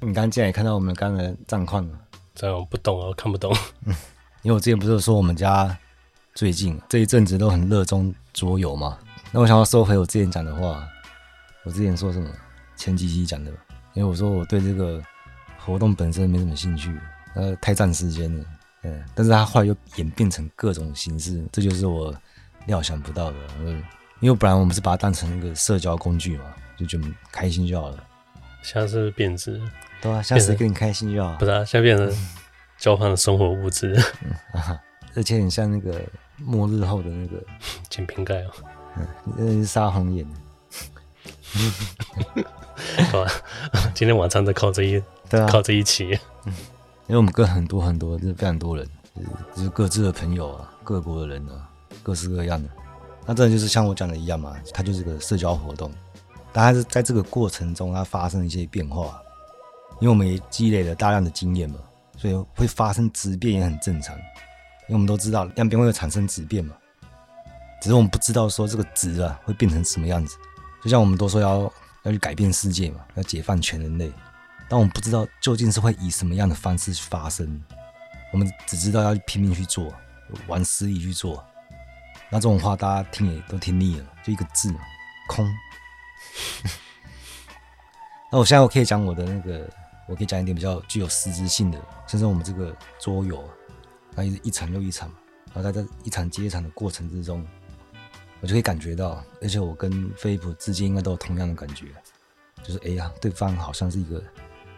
你剛剛進來也看到我們剛才戰況了？這我不懂啊，我看不懂。嗯，因為我之前不是說我們家最近這一陣子都很熱衷桌遊嘛？那我想要收回我之前講的話，我之前說什麼？前幾期講的，因為我說我對這個活動本身沒什麼興趣，呃，太佔時間了。嗯，但是他後來又演變成各種形式，這就是我料想不到的。嗯，因為不然我們是把它當成一個社交工具嘛，就覺得開心就好了。下次貶值，對啊，下次給你開心就好。不是啊，現在變成交換的生活物質， 而且很像那個末日後的那個撿瓶蓋啊，喔，嗯，殺紅眼。嗯。好啊，今天晚餐都靠這一，對啊，靠這一期，嗯，因為我們跟很多很多就是非常多人，就是各自的朋友啊，各國的人啊，各式各樣的，那真的就是像我講的一樣嘛，它就是一個社交活動。大概是在這個過程中，它發生了一些變化，因為我們也積累了大量的經驗嘛，所以會發生質變也很正常。因為我們都知道量變會有產生質變嘛，只是我們不知道說這個質啊會變成什麼樣子。就像我們都說要要去改變世界嘛，要解放全人類，但我們不知道究竟是會以什麼樣的方式去發生。我們只知道要拼命去做，往死裡去做。那這種話大家聽也都聽膩了，就一個字，空。 那我現在我可以講我的那個，我可以講一點比較具有實質性的，甚至我們這個桌遊，它、啊、一場又一場，然後在一場接一場的過程之中，我就可以感覺到，而且我跟飛普之間應該都有同樣的感覺，就是哎呀、欸，對方好像是一個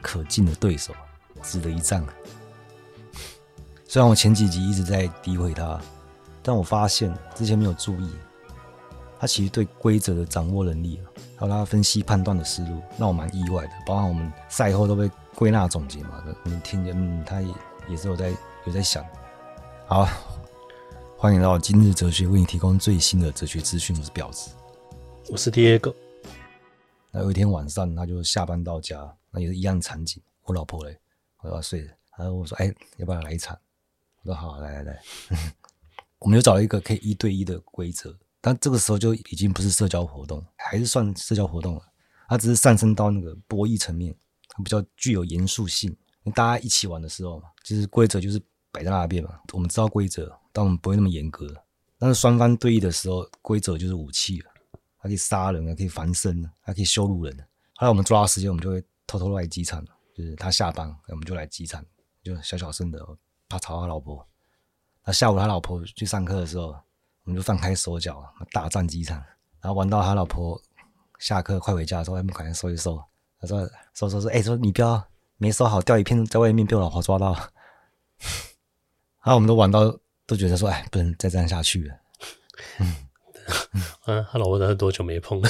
可敬的對手，值得一戰。雖然我前幾集一直在詆毀他，但我發現之前沒有注意。他其實對規則的掌握能力、啊，還有他分析判斷的思路，讓我蠻意外的。包括我們賽後都被歸納總結嘛，我們聽見、嗯、他也也是有在有在想。好，歡迎到今日哲學為你提供最新的哲學資訊。我是婊子，我是 Diego。那有一天晚上，他就下班到家，那也是一樣的場景。我老婆嘞，我要、要睡了。然後我說：“哎、欸，要不要來一場？”我說：“好，來來來， 我們就找一個可以一對一的規則。”但這個時候就已經不是社交活動，還是算社交活動了。它只是上升到那個博弈層面，它比較具有嚴肅性。因為大家一起玩的時候，就是規則就是擺在那邊嘛。我們知道規則，但我們不會那麼嚴格。但是雙方對弈的時候，規則就是武器了。它可以殺人，它可以防身，還可以羞辱人。後來我們抓到時間，我們就會偷偷來機場，就是他下班，我們就來機場，就小小聲的，怕吵他老婆。那下午他老婆去上課的時候，我們就放開手腳大戰幾場，然後玩到他老婆下課快回家的時候，他們趕緊收一收。他說：“說說說哎、欸，說你不要沒收好，掉一片在外面被我老婆抓到。 ”然後我們都玩到都覺得說：“哎，不能再這樣下去了。 ”嗯、啊，他老婆都是多久沒碰了？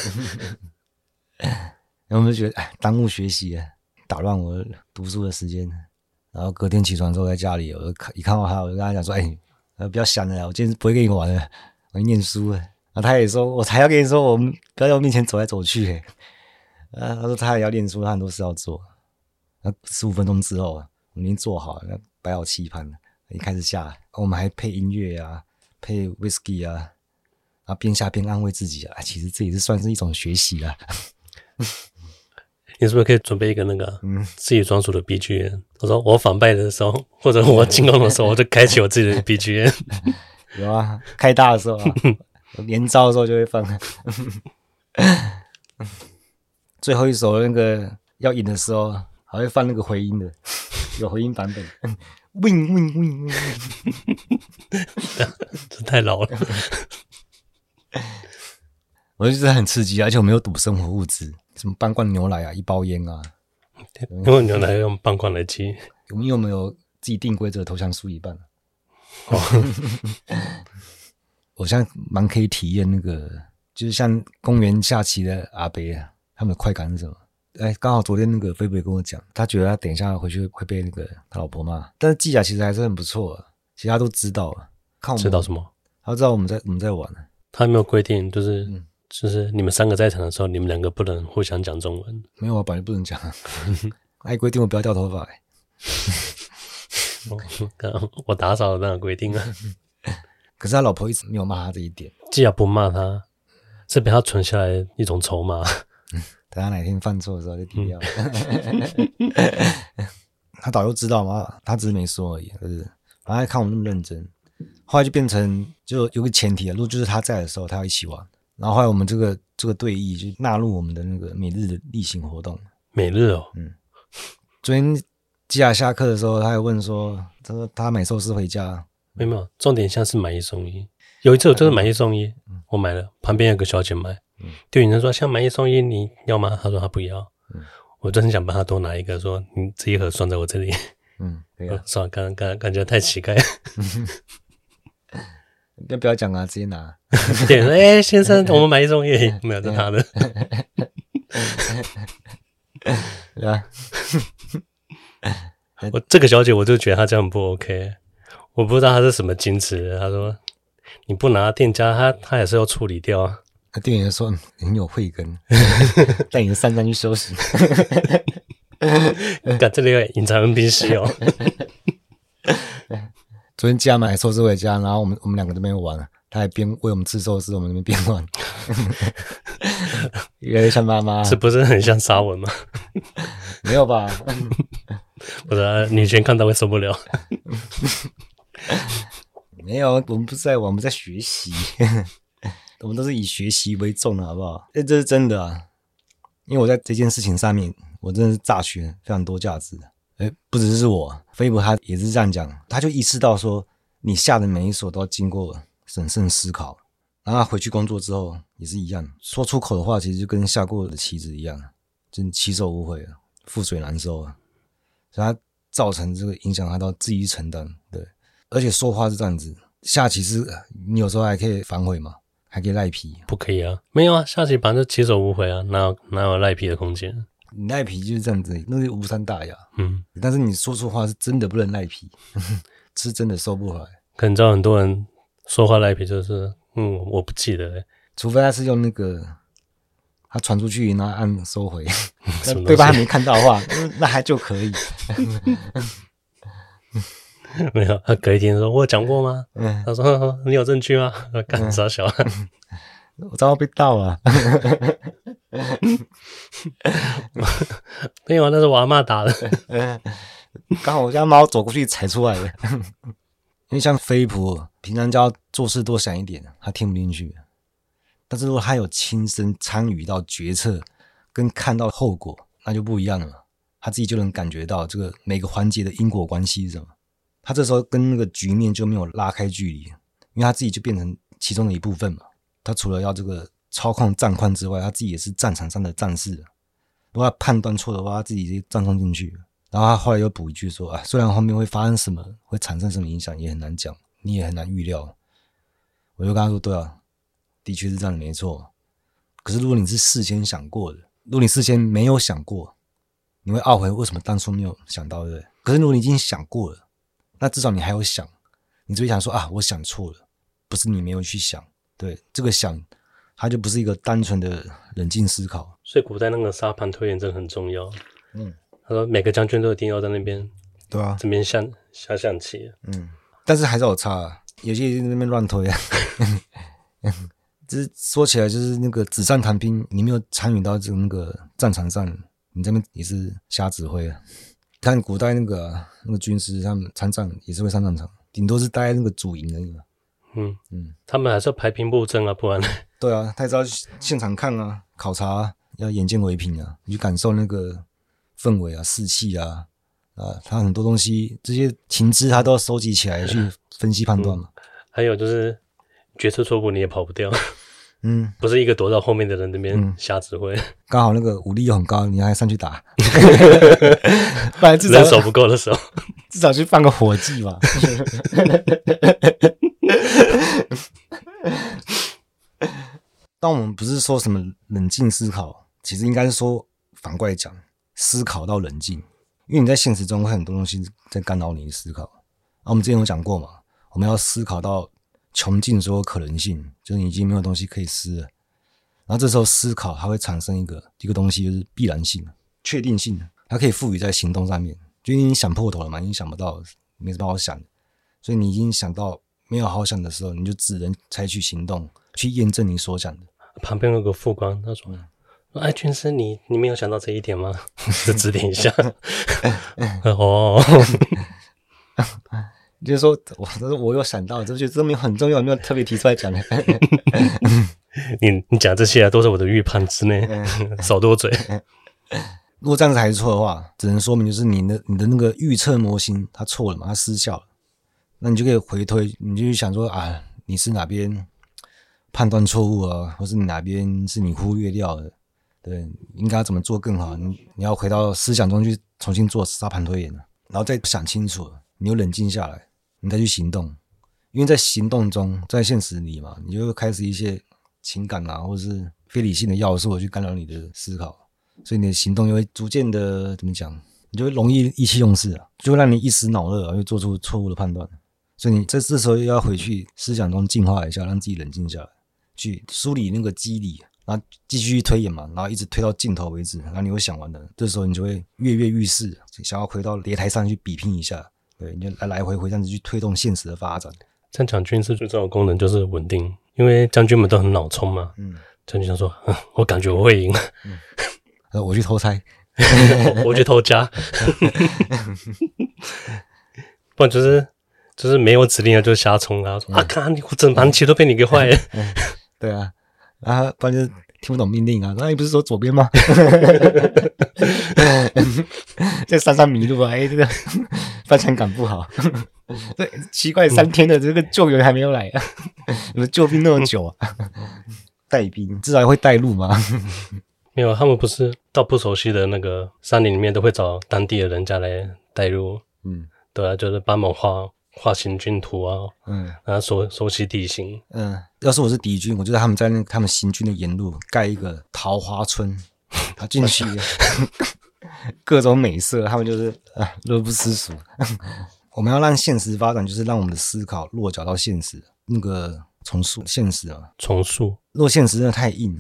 然後我們就覺得哎，耽誤學習，打亂我讀書的時間。然後隔天起床之後在家裡，我就看一看到他，我就跟他講說：“哎，呃，不要想了，我今天是不會跟你玩了。”我念書哎，然、啊、後他也說，我才要跟你說，我們不要在我面前走來走去哎，啊，他說他也要念書，他很多事要做。然十五分鐘之後，我們已經做好，了，擺好棋盤了，一開始下，啊、我們還配音樂啊，配 whisky 啊，然、啊、邊下邊安慰自己啊，其實這也是算是一種學習啊。你是不是可以準備一個那個，嗯，自己專屬的 BGM？我說我反敗的時候，或者我進攻的時候， 我就開啟我自己的 BGM。 有啊，開大的時候啊，我連招的時候就會放。 最後一首那個要引的時候，還會放那個回音的，有回音版本，wing wing wing wing 這太老了 我就是很刺激，啊，而且我沒有賭生活物資，什麼半罐牛奶啊，一包煙啊。因為牛奶用半罐來吃。你、嗯、有沒有自己定規則，投降輸一半，啊？哦 我現在蠻可以體驗那個，就是像公園下棋的阿伯啊，他們的快感是什麼？哎，剛好昨天那個菲菲跟我講，他覺得他等一下回去會被那個他老婆罵，但是技巧其實還是很不錯、啊，其他都知道啊看我們。知道什麼？他知道我們在我們在玩、啊。他沒有規定，就是、嗯、就是你們三個在場的時候，你們兩個不能互相講中文。沒有啊，本來不能講、啊。還 規、哎、定我不要掉頭髮、欸？哎。 Okay. 剛剛我打掃的那個規定啊， 可是他老婆一直沒有罵他這一點。既然不罵他，這邊他存下來一種籌碼， 等他哪天犯錯的時候就踢掉。嗯、 他早就知道嘛，他只是沒說而已，就是反正看我們那麼認真，後來就變成就有個前提、啊、如果就是他在的時候，他要一起玩。然後後來我們這個這個對弈就納入我們的那個每日的例行活動。每日哦，嗯，昨天。吉記得下課的時候，他還問說：“他說他買壽司回家，沒有重點，像是買一送一。有一次，我就是買一送一，嗯、我買了，旁邊有個小姐買，女、嗯、生說：‘像買一送一，你要嗎？’他說他不要。嗯、我真的想幫他多拿一個，說你這一盒算在我這裡。嗯，對啊、算了，剛，剛感覺太乞丐，那、 嗯、不要講啊？直接拿。 對，誒、欸、先生， 我們買一送一，哎沒有哎、這拿是他的，對、哎、吧？”哎 我這個小姐，我就覺得她這樣不 OK。我不知道她是什麼矜持。她說：“你不拿店家，她她也是要處理掉、啊。”啊店員說：“很有慧根，帶 你三山去收拾。 這個兵喔”這裡有隱藏溫馨哦。昨天家買收拾回家，然後我們我們兩個都沒有玩了，他還邊為我們吃壽司，我們那邊邊玩。有 點像媽媽，這不是很像沙文嗎？ 沒有吧。嗯不然女權看到會受不了。 沒有，我們不是在玩，我們在學習。 我們都是以學習為重的，好不好？哎、欸，這是真的啊。因為我在這件事情上面，我真的是榨取，非常多價值的。哎、欸，不只是，是我，飛博他也是這樣講。他就意識到說，你下的每一手都要經過審慎思考。然後回去工作之後也是一樣，說出口的話其實就跟下過的棋子一樣，真棋手誤會了，覆水難收啊。所以他造成這個影響，他到自己去承擔，對。而且說話是這樣子，下棋是，你有時候還可以反悔嘛，還可以賴皮，不可以啊？沒有啊，下棋反正起手無回啊，哪有哪有賴皮的空間？你賴皮就是這樣子，那就無傷大雅，嗯。但是你說出話是真的不能賴皮，是真的收不回來。可能知道很多人說話賴皮，就是嗯，我不記得、欸，除非他是用那個。他傳出去，那按收回。 對方還沒看到的話，那還就可以。 沒有，他隔一天說：“我有講過嗎、嗯？”他說：“你有證據嗎、嗯？”幹啥小我知道我啊？我賬號被盜了。沒有、啊，那是我阿嬤打的 。剛好我家貓走過去踩出來的。 因為像飛普平常就要做事多想一點，他聽不進去。但是如果他有親身參與到決策跟看到後果，那就不一樣了。他自己就能感覺到這個每個環節的因果關係是什麼。他這時候跟那個局面就沒有拉開距離，因為他自己就變成其中的一部分嘛。他除了要這個操控戰況之外，他自己也是戰場上的戰士。如果他判斷錯的話，他自己就葬送進去。然後他後來又補一句說：“啊，雖然後面會發生什麼，會產生什麼影響，也很難講，你也很難預料。”我就跟他說：“對啊。”的確是這樣的沒錯，可是如果你是事先想過的，如果你事先沒有想過，你會懊悔為什麼當初沒有想到，對？可是如果你已經想過了，那至少你還有想，你就會想說啊，我想錯了，不是你沒有去想，對，這個想，它就不是一個單純的冷靜思考。所以古代那個沙盤推演真的很重要。嗯，他說每個將軍都一定要在那邊，對啊，這邊下下象棋。嗯，但是還是有差、啊，有些人在那邊亂推、啊。 就是說起來，就是那個紙上談兵，你沒有參與到這個那個戰場上，你這邊也是瞎指揮啊。看古代那個、啊、那個軍師，他們參戰也是會上戰場，頂多是待在那個主營而已嘛。嗯嗯，他們還是要排兵布陣啊，不然。對啊，太早要現場看啊，考察、啊，要眼見為憑啊，你去感受那個氛圍啊，士氣啊，啊，他很多東西這些情資他都要收集起來去分析判斷嘛、啊嗯嗯。還有就是決策錯誤，你也跑不掉。嗯，不是一個躲到後面的人那邊瞎指揮，剛好那個武力又很高，你還上去打 本來至少，人手不夠的時候，至少去放個火計吧。 當我們不是說什麼冷靜思考，其實應該是說反過來講，思考到冷靜，因為你在現實中會很多東西在干擾你的思考。啊，我們之前有講過嘛，我們要思考到。窮盡所有可能性，就是你已經沒有東西可以思了。然後這時候思考，它會產生一個一個東西，就是必然性、確定性。它可以賦予在行動上面，就已經想破頭了嘛，已經想不到，沒什麼好想的，所以你已經想到沒有好想的時候，你就只能採取行動去驗證你所想的。旁邊有個副官，他說：“哎、嗯，哦、軍師，你你沒有想到這一點嗎？ 就指點一下。 哎哎”哦。 就是說，我說是我有想到，就這就證明很重要。沒有特別提出來講的。 你你講這些啊，都是我的預判之內， 少多嘴。如果這樣子還是錯的話，只能說明就是你的你的那個預測模型它錯了嘛，它失效了。那你就可以回推，你就想說啊，你是哪邊判斷錯誤啊，或是哪邊是你忽略掉的？對，應該怎麼做更好？你你要回到思想中去重新做沙盤推演了，然後再想清楚，你又冷靜下來。你再去行動，因為在行動中，在現實裡嘛，你就會開始一些情感啊，或者是非理性的要素去干擾你的思考，所以你的行動就會逐漸的怎麼講，你就會容易意氣用事啊，就會讓你一時腦熱啊，又做出錯誤的判斷。所以你在這時候又要回去思想中淨化一下，讓自己冷靜下來，去梳理那個機理，然後繼續推演嘛，然後一直推到盡頭為止，然後你會想完的，這時候你就會躍躍欲試，想要回到擂台上去比拼一下。對，你就來來回回這樣子去推動現實的發展。像將軍是最重要的功能就是穩定，嗯，因為將軍們都很腦衝嘛。嗯，將軍就說，我感覺我會贏，呃、嗯嗯啊,我去偷拆， 我去偷家， 不然就是就是沒有指令，就是、啊，就瞎衝啊。啊，看,我整盤棋都被你給壞了，欸。嗯嗯、 對啊，啊,關鍵，就是。聽不懂命令啊！那、哎、你不是說左邊嗎？在 山上迷路啊！哎，這個方向感不好。 對，奇怪，嗯、三天的這個救援還沒有來、啊，你 們救兵那麼久啊？嗯、帶兵至少也會帶路嗎？ 沒有，他們不是到不熟悉的那個山林裡面，都會找當地的人家來帶路。嗯，對啊，就是幫忙畫。畫行軍圖啊，嗯，然後說說起地形，嗯，要是我是敵軍，我覺得他們在那，他們行軍的沿路蓋一個桃花村，他 進去 各種美色，他們就是啊，樂不思蜀。 我們要讓現實發展，就是讓我們的思考落腳到現實，那個重塑現實啊，重塑。若現實真的太硬，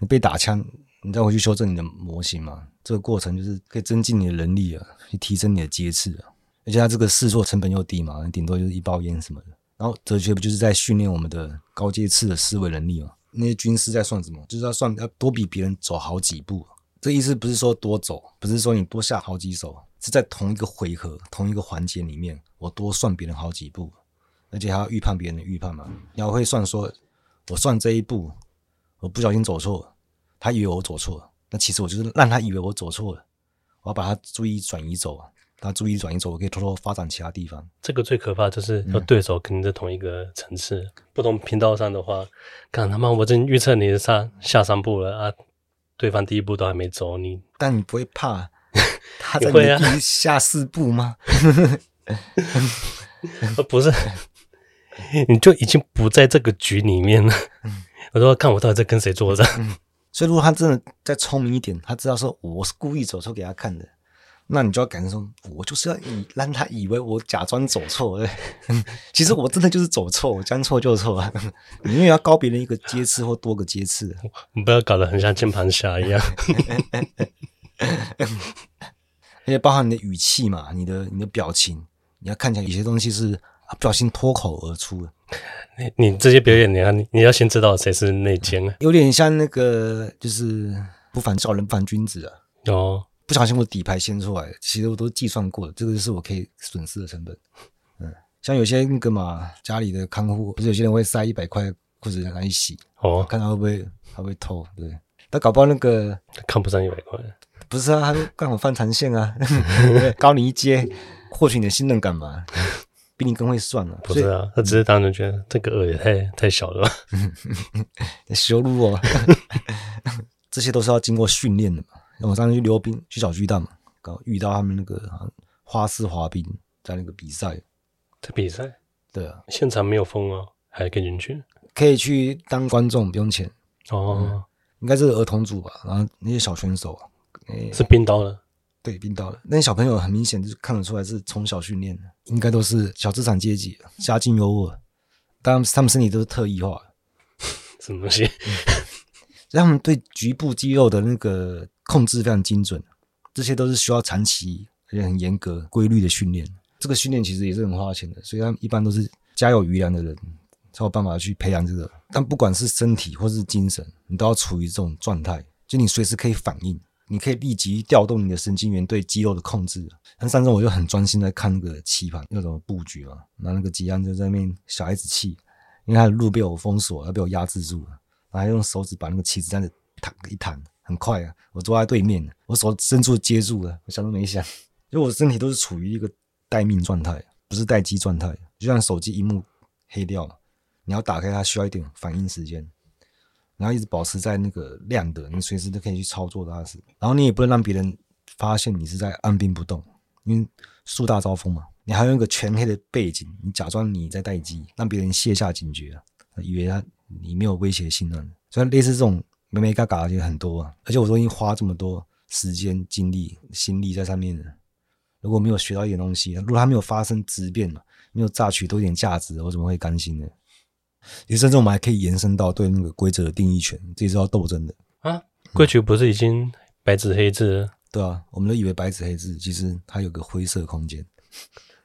你被打槍，你再回去修正你的模型嘛，啊。這個過程就是可以增進你的能力啊，去提升你的階次啊。而且他這個試錯成本又低嘛，頂多就是一包煙什麼的。然後哲學不就是在訓練我們的高階次的思維能力嘛？那些軍師在算什麼？就是要算要多比別人走好幾步。這意思不是說多走，不是說你多下好幾手，是在同一個回合、同一個環節裡面，我多算別人好幾步，而且還要預判別人的預判嘛。然後會算說，說我算這一步，我不小心走錯了，他以為我走錯了，那其實我就是讓他以為我走錯了，我要把他注意轉移走。他注意轉移走，我可以偷偷發展其他地方。這個最可怕就是，對手肯定在同一個層次、嗯，不同頻道上的話，看，他媽！我正預測你上下，下三步了啊，對方第一步都還沒走，你但你不會怕？他在你會啊？下四步嗎？ 會啊、 不是， 你就已經不在這個局裡面了。嗯、我說看我到底在跟誰作戰、嗯。所以如果他真的再聰明一點，他知道說我是故意走出給他看的。那你就要感受我就是要以讓他以為我假裝走錯， 其實我真的就是走錯，我將錯就錯，因 為要高別人一個階次或多個階次，你不要搞得很像鍵盤俠一樣。 而且包含你的語氣嘛，你的你的表情，你要看起來有些東西是、啊、不小心脫口而出，你你這些表演你、啊，你要你要先知道誰是內奸、啊、有點像那個就是不防小人防君子哦、啊。Oh. 不小心我底牌先出來，其實我都計算過了，這個就是我可以損失的成本。嗯，像有些那個嘛，家裡的看護，不是有些人會塞一百塊褲子讓他一洗，哦、oh.，看他會不會會不會偷。對，他搞不好那個看不上一百塊，不是啊，他剛好放長線啊， 高你一階，獲 取你的信任感嘛？ 比你更會算了、啊，不是啊，他只是單純覺得這個額也太太小了吧，羞 辱爐哦， 這些都是要經過訓練的嘛。我上次去溜冰，去小巨蛋嘛，剛好遇到他們那個花式滑冰在那個比賽，在比賽，對啊，現場沒有封啊、哦，還跟人進去，可以去當觀眾，不用錢哦、嗯。應該是兒童組吧，然後那些小選手，欸、是冰刀的，對，冰刀的那些小朋友，很明顯就看得出來是從小訓練的，應該都是小資產階級，家境優渥，但他們身體都是特異化，什麼東西？讓、嗯、 他們對局部肌肉的那個。控制非常精準，這些都是需要長期而且很嚴格、規律的訓練。這個訓練其實也是很花錢的，所以他們一般都是家有餘糧的人才有辦法去培養這個。但不管是身體或是精神，你都要處於這種狀態，就你隨時可以反應，你可以立即調動你的神經元對肌肉的控制。那上次我就很專心在看那個棋盤，那種布局嘛，然後那個吉安就在那邊小孩子氣，因為他的路被我封鎖，要被我壓制住了，然後用手指把那個棋子在那彈一彈。很快啊！我坐在對面，我手伸出接住了、啊。我想都沒想，因為我身體都是處於一個待命狀態，不是待機狀態。就像手機螢幕黑掉了，你要打開它需要一點反應時間，然後一直保持在那個亮的，你隨時都可以去操作它。是，然後你也不能讓別人發現你是在按兵不動，因為樹大招風嘛。你還有一個全黑的背景，你假裝你在待機，讓別人卸下警覺、啊，以為他你沒有威脅性呢。所以類似這種。每每該搞的很多啊，而且我說已經花這麼多時間、精力、心力在上面了。如果沒有學到一點東西，如果它沒有發生質變嘛，沒有榨取多一點價值，我怎麼會甘心呢？其實甚至我們還可以延伸到對那個規則的定義權，這是要鬥爭的啊。嗯、規則不是已經白紙黑字？對啊，我們都以為白紙黑字，其實它有個灰色空間，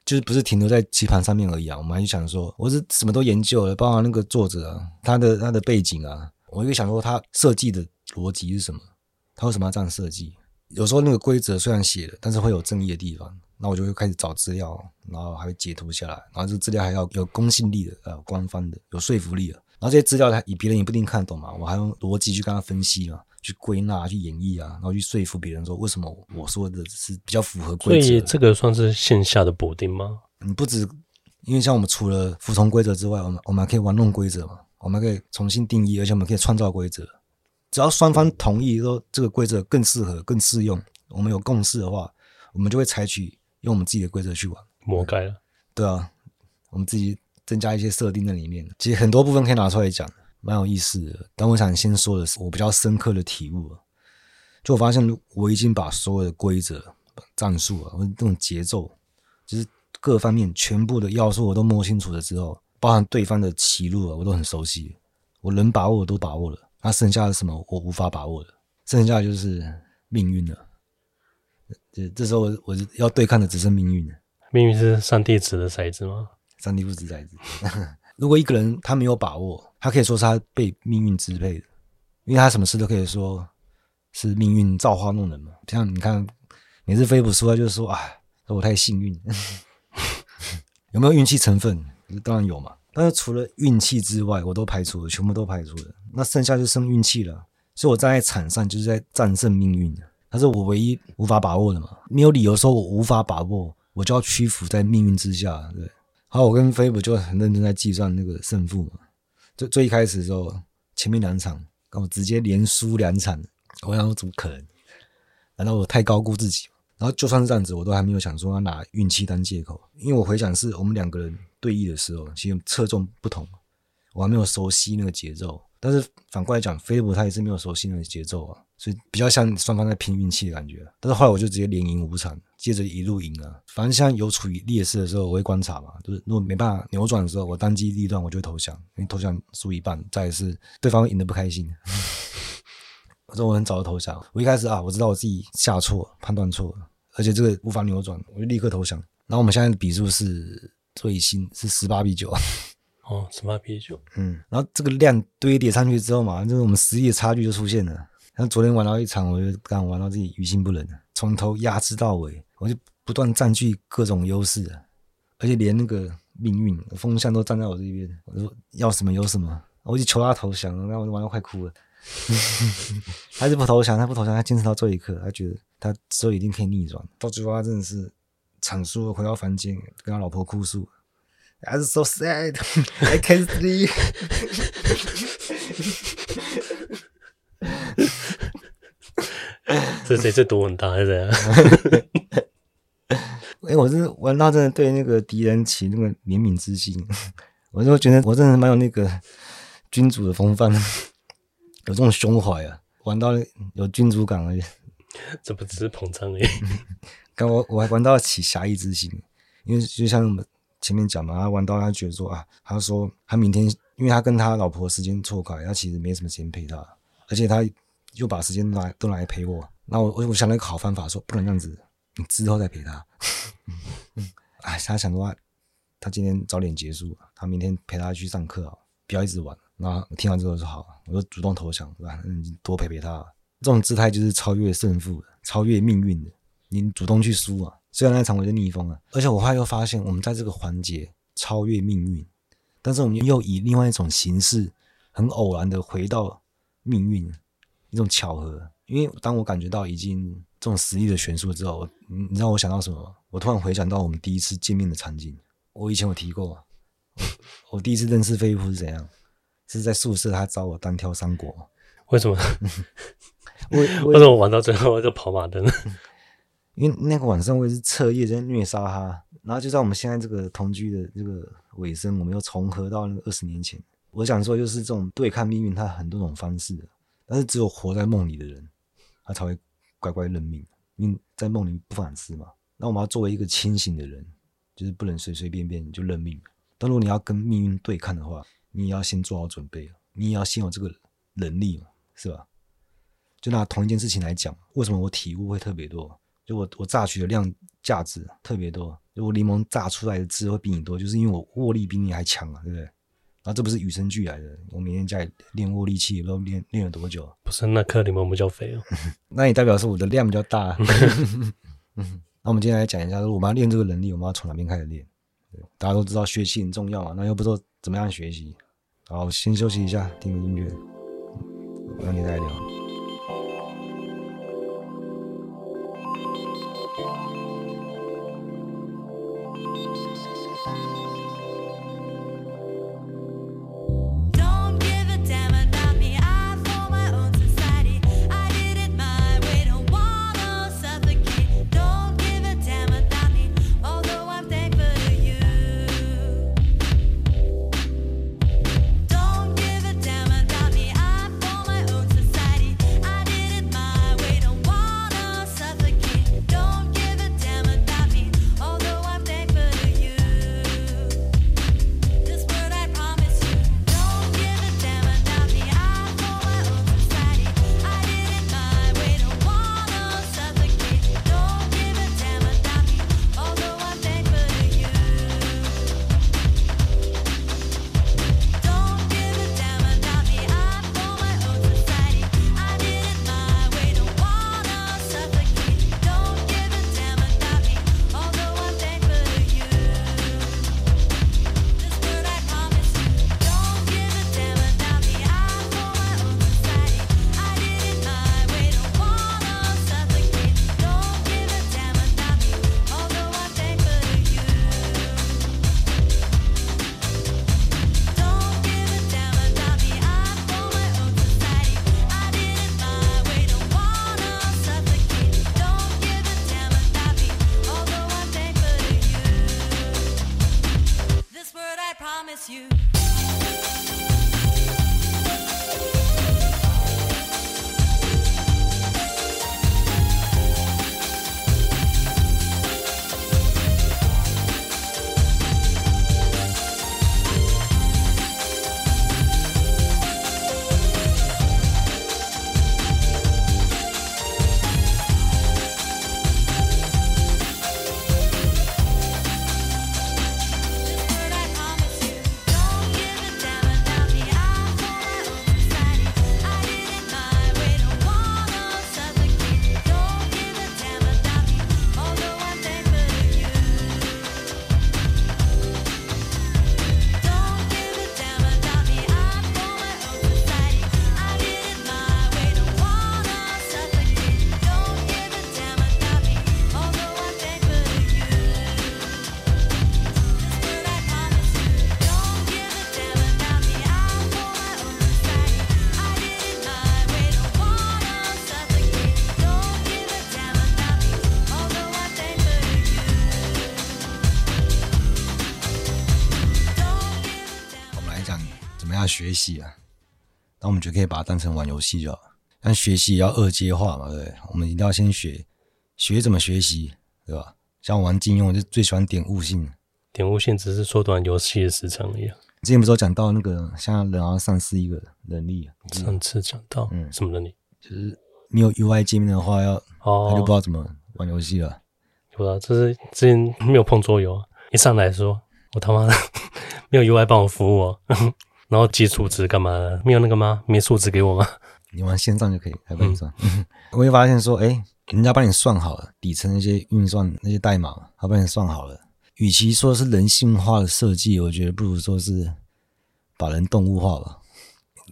就是不是停留在棋盤上面而已啊。我們還去想說，我是什麼都研究了，包括那個作者啊，他的他的背景啊。我就想說，他設計的邏輯是什麼？他為什麼要這樣設計？有時候那個規則雖然寫了，但是會有爭議的地方。那我就會開始找資料，然後還會截圖下來，然後這資料還要有公信力的，呃，官方的，有說服力的。然後這些資料，他以別人也不一定看得懂嘛。我還用邏輯去跟他分析啊，去歸納，去演繹啊，然後去說服別人說，為什麼我說的是比較符合規則。所以這個算是線下的補丁嗎？你不止，因為像我們除了服從規則之外，我們我們還可以玩弄規則嘛。我們可以重新定義，而且我們可以創造規則。只要雙方同意說這個規則更適合、更適用，我們有共識的話，我們就會採取用我們自己的規則去玩。魔改了。嗯，對啊，我們自己增加一些設定在裡面。其實很多部分可以拿出來講，蠻有意思的。但我想先說的是，我比較深刻的體悟，就我發現我已經把所有的規則、戰術啊，或者這種節奏，就是各方面全部的要素我都摸清楚了之後。包含對方的歧路啊，我都很熟悉，我能把握我都把握了，那、啊、剩下的什麼我無法把握了，剩下的就是命運了。這這時候我我要對抗的只剩命運。命運是上帝指的骰子嗎？上帝不是骰子。 如果一個人他沒有把握，他可以說是他被命運支配的，因為他什麼事都可以說是命運造化弄人嘛。像你看，你是飛不出來，就是說啊，我太幸運， 有沒有運氣成分？當然有嘛，但是除了運氣之外，我都排除了，全部都排除了。那剩下就剩運氣了。所以，我站在場上就是在戰勝命運。那是我唯一無法把握的嘛，沒有理由說我無法把握，我就要屈服在命運之下。對，好，我跟飛不就很認真在計算那個勝負嘛。最最一開始的時候，前面兩場我直接連輸兩場，我想說怎麼可能？難道我太高估自己？然後就算是這樣子，我都還沒有想說要拿運氣當借口，因為我回想是我們兩個人。對弈的時候，其實側重不同，我還沒有熟悉那個節奏。但是反過來講，菲利普他也是沒有熟悉那個節奏啊，所以比較像雙方在拼運氣的感覺。但是後來我就直接連贏五場，接着一路贏了。反正現在有處於劣勢的時候，我會觀察嘛，就是如果沒辦法扭轉的時候，我當機立斷，我就會投降。因為投降輸一半，再是對方贏得不開心。 我說我很早就投降，我一開始啊，我知道我自己下錯，判斷錯了，而且這個無法扭轉，我就立刻投降。然後我們現在的比數是。最新是十八比九 ，哦，十八比九，嗯，然後這個量堆疊上去之後嘛，就是我們實力的差距就出現了。然後昨天玩到一場，我就剛，剛玩到自己於心不忍，從頭壓制到尾，我就不斷佔據各種優勢，而且連那個命運風向都站在我這邊，我就說要什麼有什麼，我就求他投降，然後我就玩到快哭了。 他就不投降，他不投降，他堅持到這一刻，他覺得他之後一定可以逆轉。到最後，他真的是。慘輸了回到房間跟他老婆哭訴。I'm so sad, I can't sleep。這誰最懂玩刀？還是誰啊？哎，我是玩到真的對那個敵人起那個憐憫之心，我就覺得我真的蠻有那個君主的風範，有這種胸懷啊，玩到有君主感而已。這不只是捧場了哎！剛我我還玩到起俠義之心，因為就像前面講嘛，他玩到他覺得說啊，他說他明天，因為他跟他老婆時間錯開，他其實沒什麼時間陪他，而且他又把時間拿都拿來陪我。那我我想了一個好方法說，說不能這樣子，你之後再陪他。哎、 啊，他想的話，他今天早點結束，他明天陪他去上課啊，不要一直玩。那聽完之後說好，我就主動投降是吧？你多陪陪他、啊。這種姿態就是超越勝負、超越命運的。你主動去輸啊，雖然那場我是逆風啊。而且我後來又發現，我們在這個環節超越命運，但是我們又以另外一種形式，很偶然的回到命運，一種巧合。因為當我感覺到已經這種實力的懸殊之後，你知道我想到什麼？我突然回想到我們第一次見面的場景。我以前有提過我，我第一次認識飛虎是怎樣，是在宿舍他找我單挑三國。為什麼？ 為為什麼玩到最後，我就跑馬燈？因為那個晚上，我也是徹夜在虐殺他。然後就在我們現在這個同居的這個尾聲，我們又重合到那二十年前。我想說，就是這種對抗命運，它很多種方式。但是只有活在夢裡的人，他才會乖乖認命，因為在夢裡不反思嘛。那我們要作為一個清醒的人，就是不能隨隨便便你就認命。但如果你要跟命運對抗的話，你也要先做好準備，你也要先有這個能力嘛，是吧？就拿同一件事情來講，為什麼我體悟會特別多？就我我榨取的量價值特別多。如果檸檬榨，榨出來的汁會比你多，就是因為我握力比你還強啊，對不對？然後這不是與生俱來的，我每天在練握力器，也不知道練練了多久啊。不是，那顆檸檬比較肥了哦？ 那也代表是我的量比較大啊。那 我們今天來講一下，我們要練這個能力，我們要從哪邊開始練？大家都知道學習很重要嘛，那又不知道怎麼樣學習。好，我先休息一下，聽聽音樂。我讓你再聊。學習啊，那我們就可以把它當成玩遊戲就好了。但學習也要二階化嘛，對不對？我們一定要先學學怎麼學習，對吧？像我玩金庸，我就最喜歡點悟性。點悟性只是縮短遊戲的時長一樣。之前不是說講到那個，像人要喪失一個能力。上次講到，嗯，什麼能力？就是沒有 UI 界面的話，要、哦、他就不知道怎麼玩遊戲了。對、嗯、吧、嗯嗯嗯？這是之前沒有碰桌遊、啊，一上來說，我他媽的沒有 UI 幫我服務、啊。 然後記數值幹嘛？沒有那個嗎？沒數值給我嗎？你玩線上就可以，還不運算、嗯。 我會發現說，哎，人家幫你算好了，底層那些運算那些代碼，他幫你算好了。與其說是人性化的設計，我覺得不如說是把人動物化吧。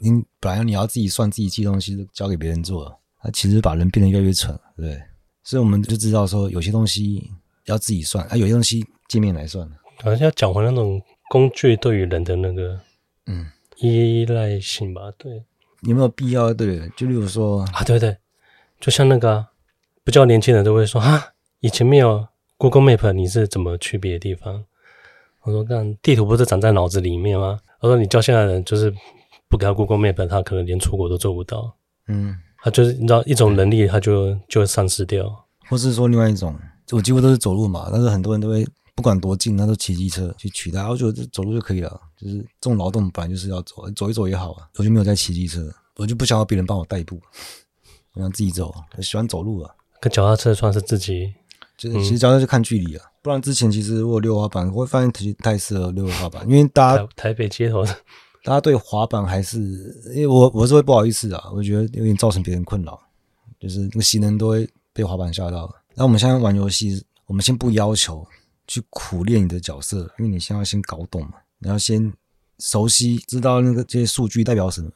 你本來你要自己算，自己記東西，交給別人做了，他其實把人變得越來越蠢，對不對？所以我們就知道說，有些東西要自己算，啊，有些東西界面來算了。好像要講回那種工具對於人的那個。嗯，依賴性吧，對。有沒有必要？對，就例如說啊，對對，就像那個、啊，不叫年輕人都會說啊，以前沒有 Google Map，你是怎麼去別的地方？我說，但地圖不是長在腦子裡面嗎？我說，你叫現在人，就是不給他 Google Map，他可能連出國都做不到。嗯，他就是你知道一種能力，他就、嗯、就會喪失掉，或是說另外一種，我幾乎都是走路嘛，但是很多人都會。不管多近，那都騎機車去取代。我覺得走路就可以了，就是這種勞動本來就是要走，走一走也好、啊、我就沒有再騎機車，我就不想要別人幫我代步，我、嗯、想自己走。喜歡走路啊，跟腳踏車算是自己，就是其實腳踏車看距離了、嗯。不然之前其實如果溜滑板，我會發現其實太適合溜滑板，因為大家台北街頭的，大家對滑板還是……因為我我是會不好意思啊，我覺得有點造成別人困擾，就是那個行人都會被滑板嚇到。那我們現在玩遊戲，我們先不要求。去苦練你的角色，因為你先要先搞懂嘛，你要先熟悉，知道那個這些數據代表什麼，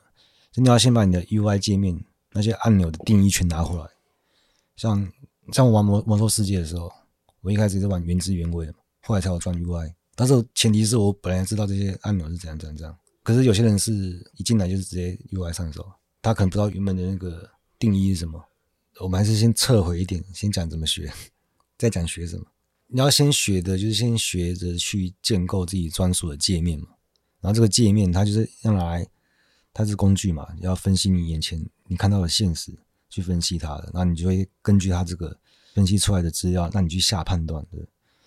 就你要先把你的 UI 界面那些按鈕的定義全拿回來。像像我玩魔《魔魔獸世界》的時候，我一開始是玩原汁原味的，後來才有轉 UI。但是前提是我本來知道這些按鈕是怎樣怎樣怎樣。可是有些人是一進來就是直接 UI 上手，他可能不知道原本的那個定義是什麼。我們還是先撤回一點，先講怎麼學，再講學什麼。你要先學的就是先學着去建構自己專屬的界面嘛。然後這個界面它就是用來，它是工具嘛，你要分析你眼前你看到的現實，去分析它的。然後你就會根據它這個分析出來的資料，讓你去下判斷。對，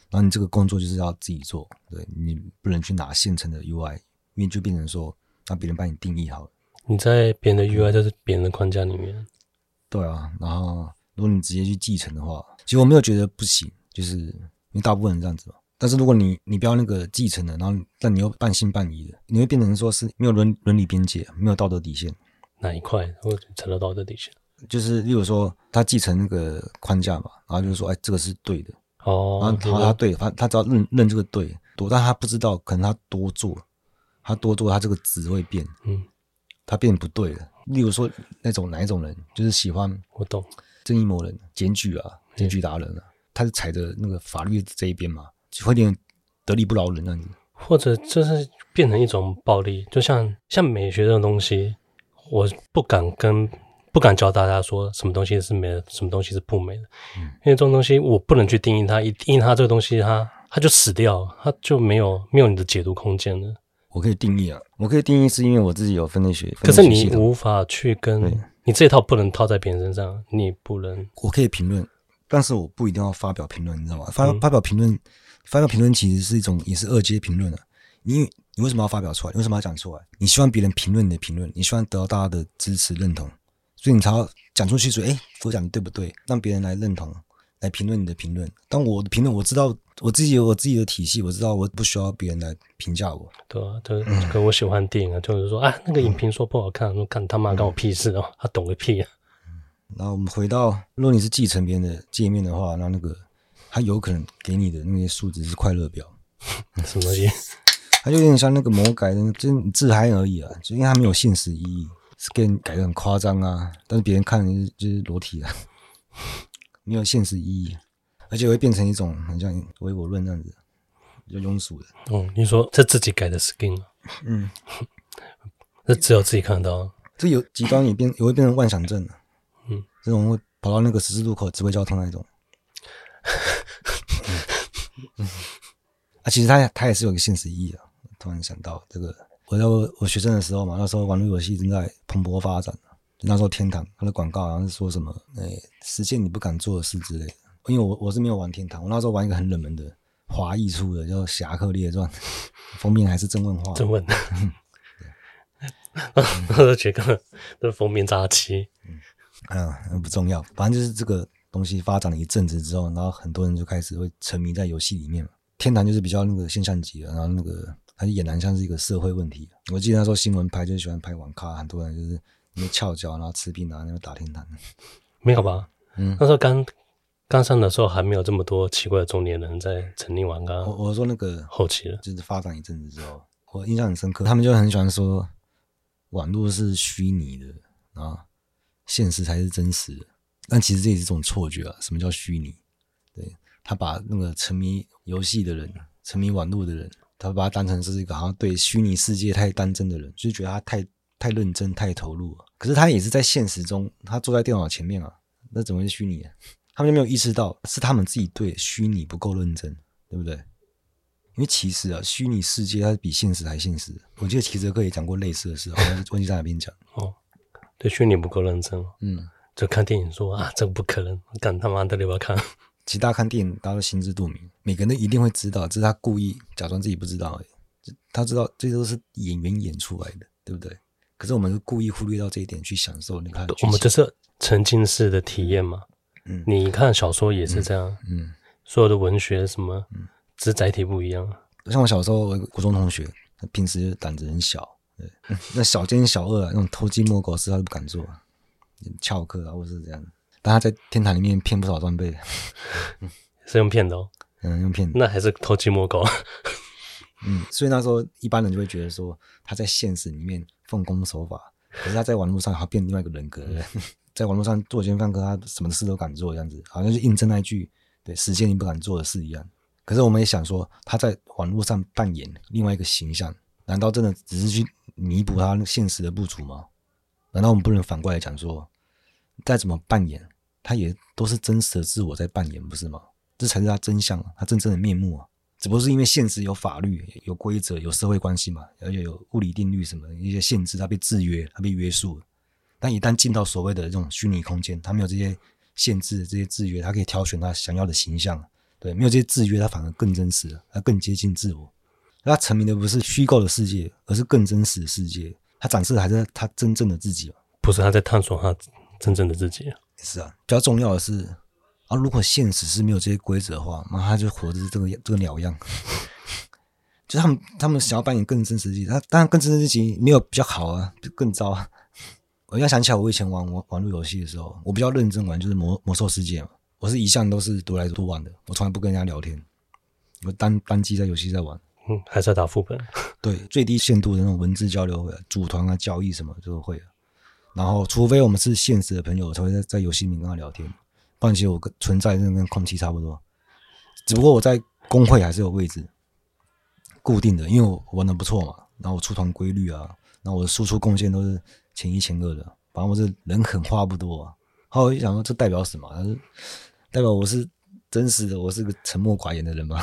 然後你這個工作就是要自己做，對你不能去拿現成的 UI，因為就變成說讓別人幫你定義好了。你在別人的 UI 就是別人的框架裡面。對啊，然後如果你直接去繼承的話，其實我沒有覺得不行。就是，因為大部分人這樣子嘛。但是如果你你不要那個繼承的，然後但你又半信半疑的，你會變成說是沒有倫倫理邊界，沒有道德底線。哪一塊會成了道德底線？就是，例如說他繼承那個框架嘛，然後就是說，哎，這個是對的。哦。然後，okay. 然後他對，他他只要認認這個對多，但他不知道，可能他多做，他多做，他這個值會變。嗯。他變不對了。例如說那種哪一種人，就是喜歡我懂正義魔人檢舉啊，檢舉達人啊。嗯。他是踩着那個法律這一邊嘛，就會有點得理不饒人啊！你或者就是變成一種暴力，就像像美學這種東西，我不敢跟不敢教大家說什麼東西是美的，什麼東西是不美的。嗯，因為這種東西我不能去定義它，一定義它這個東西它，它它就死掉，它就沒有沒有你的解讀空間了。我可以定義啊，我可以定義，是因為我自己有分類學。分類學，可是你無法去跟你這套不能套在別人身上，你不能。我可以評論。但是我不一定要發表評論，你知道嗎？發、嗯、發表評論，發表評論其實是一種也是二階評論啊。你你為什麼要發表出來？你為什麼要講出來？你希望別人評論你的評論，你希望得到大家的支持認同，所以你才要講出去說，哎、欸，我講的對不對？讓別人來認同，來評論你的評論。但我的評論我知道我自己有我自己的體系，我知道我不需要別人來評價我。對啊，對，跟我喜歡電影啊，嗯、就是說啊，那個影評說不好看，說、嗯、看他媽幹我屁事哦，嗯、他懂個屁啊。然後我們回到，如果你是繼承別人的界面的話，那那個他有可能給你的那些數值是快樂表，什麼意思？他就有點像那個魔改的，就是自嗨而已啊，就因為它沒有現實意義，skin、嗯、改的很誇張啊，但是別人看、就是、就是裸體啊，沒有現實意義，而且會變成一種很像唯我論那樣子，比較庸俗的。哦、嗯，你說這自己改的 skin，嗯，那 只有自己看得到、啊。這有極端也變，也會變成妄想症了、啊。這種會跑到那個十字路口指揮交通那一種、 嗯嗯，啊，其實他他也是有一個現實意義的。突然想到這個，我在我,我學生的時候嘛，那時候網絡遊戲正在蓬勃發展就那時候天堂它的廣告好像是說什麼“哎、欸，實現你不敢做的事”之類的。因為我我是沒有玩天堂，我那時候玩一個很冷門的華裔出的叫《俠客列傳》，封面還是鄭問畫，鄭問 對、 嗯， 嗯。時覺得封面渣氣。嗯、啊，不重要，反正就是這個東西發展了一陣子之後，然後很多人就開始會沉迷在遊戲裡面嘛。天堂就是比較那個現象級的，然後那個它儼然像是一個社會問題。我記得那時候新聞拍就喜歡拍網咖，很多人就是那翹腳，然後吃檳榔，然後那個打天堂。沒有吧？嗯，那時候剛剛上的時候還沒有這麼多奇怪的中年人在沉迷網咖。我我說那個後期了，就是發展一陣子之後，我印象很深刻，他們就很喜歡說網絡是虛擬的，然後。現實才是真實，但其實這也是一種錯覺啊！什麼叫虛擬？對，他把那個沉迷遊戲的人、沉迷網絡的人，他把他當成是一個好像對虛擬世界太當真的人，就是覺得他太太認真、太投入。可是他也是在現實中，他坐在電腦前面啊，那怎麼是虛擬啊？他們就沒有意識到是他們自己對虛擬不夠認真，對不對？因為其實啊，虛擬世界它是比現實還現實。我記得齊哲哥也講過類似的事，忘記在哪邊講。 就訓練不夠認真、哦，嗯，就看電影說啊，這不可能，幹他媽的，你要不要看。其實他看電影，大家都心知肚明，每個人都一定會知道，這是他故意假裝自己不知道。他知道，這都是演員演出來的，對不對？可是我們故意忽略到這一點去享受。你看，我們這是沉浸式的體驗嘛、嗯。你看小說也是這樣，嗯嗯、所有的文學什麼，嗯、只是載體不一樣。像我小時候，我一個國中同學，他平時膽子很小。對，那小奸小惡啊，那種偷雞摸狗事他都不敢做，翹課啊或者是這樣，但他在天堂裡面騙不少裝備，是用騙的，哦，嗯，用騙那還是偷雞摸狗。 嗯，所以那時候一般人就會覺得說他在現實裡面奉公守法，可是他在網絡上他變另外一個人格，嗯、 在網絡上做奸犯科，他什麼事都敢做這樣子，好像是印證那句“對，死前你不敢做的事一樣”。可是我們也想說，他在網絡上扮演另外一個形象，難道真的只是去？彌補他現實的不足嗎？難道我們不能反過來講說，再怎麼扮演，他也都是真實的自我在扮演，不是嗎？這才是他真相，他真正的面目啊！只不過是因為現實有法律、有規則、有社會關係嘛，而且有物理定律什麼的一些限制，他被制約，他被約束。但一旦進到所謂的這種虛擬空間，他沒有這些限制、這些制約，他可以挑選他想要的形象。對，沒有這些制約，他反而更真實，他更接近自我。他沉迷的不是虛構的世界，而是更真實的世界。他展示的還是他真正的自己，不是他在探索他真正的自己、啊。是啊，比較重要的是，啊，如果現實是沒有這些規則的話，那他就活的是這個這個鳥樣。 就他們他們想要扮演更真實的自己，他當然更真實自己沒有比較好啊，就更糟啊。我要想起來，我以前玩玩玩遊戲的時候，我比較認真玩，就是魔《魔魔獸世界》嘛，我是一向都是獨來獨往的，我從來不跟人家聊天，我單單機在遊戲在玩。嗯，還是要打副本。對，最低限度的那種文字交流，會，組團啊、交易什麼就會。然後，除非我們是現實的朋友，才會在在遊戲裡面跟他聊天。放棄我存在那跟空氣差不多，只不過我在公會還是有位置固定的，因為我玩的不錯嘛。然後我出團規律啊，然後我的輸出貢獻都是前一前二的。反正我是人狠話不多啊。然後我就想說，這代表什麼、啊？但是代表我是。真實的，我是個沉默寡言的人嗎？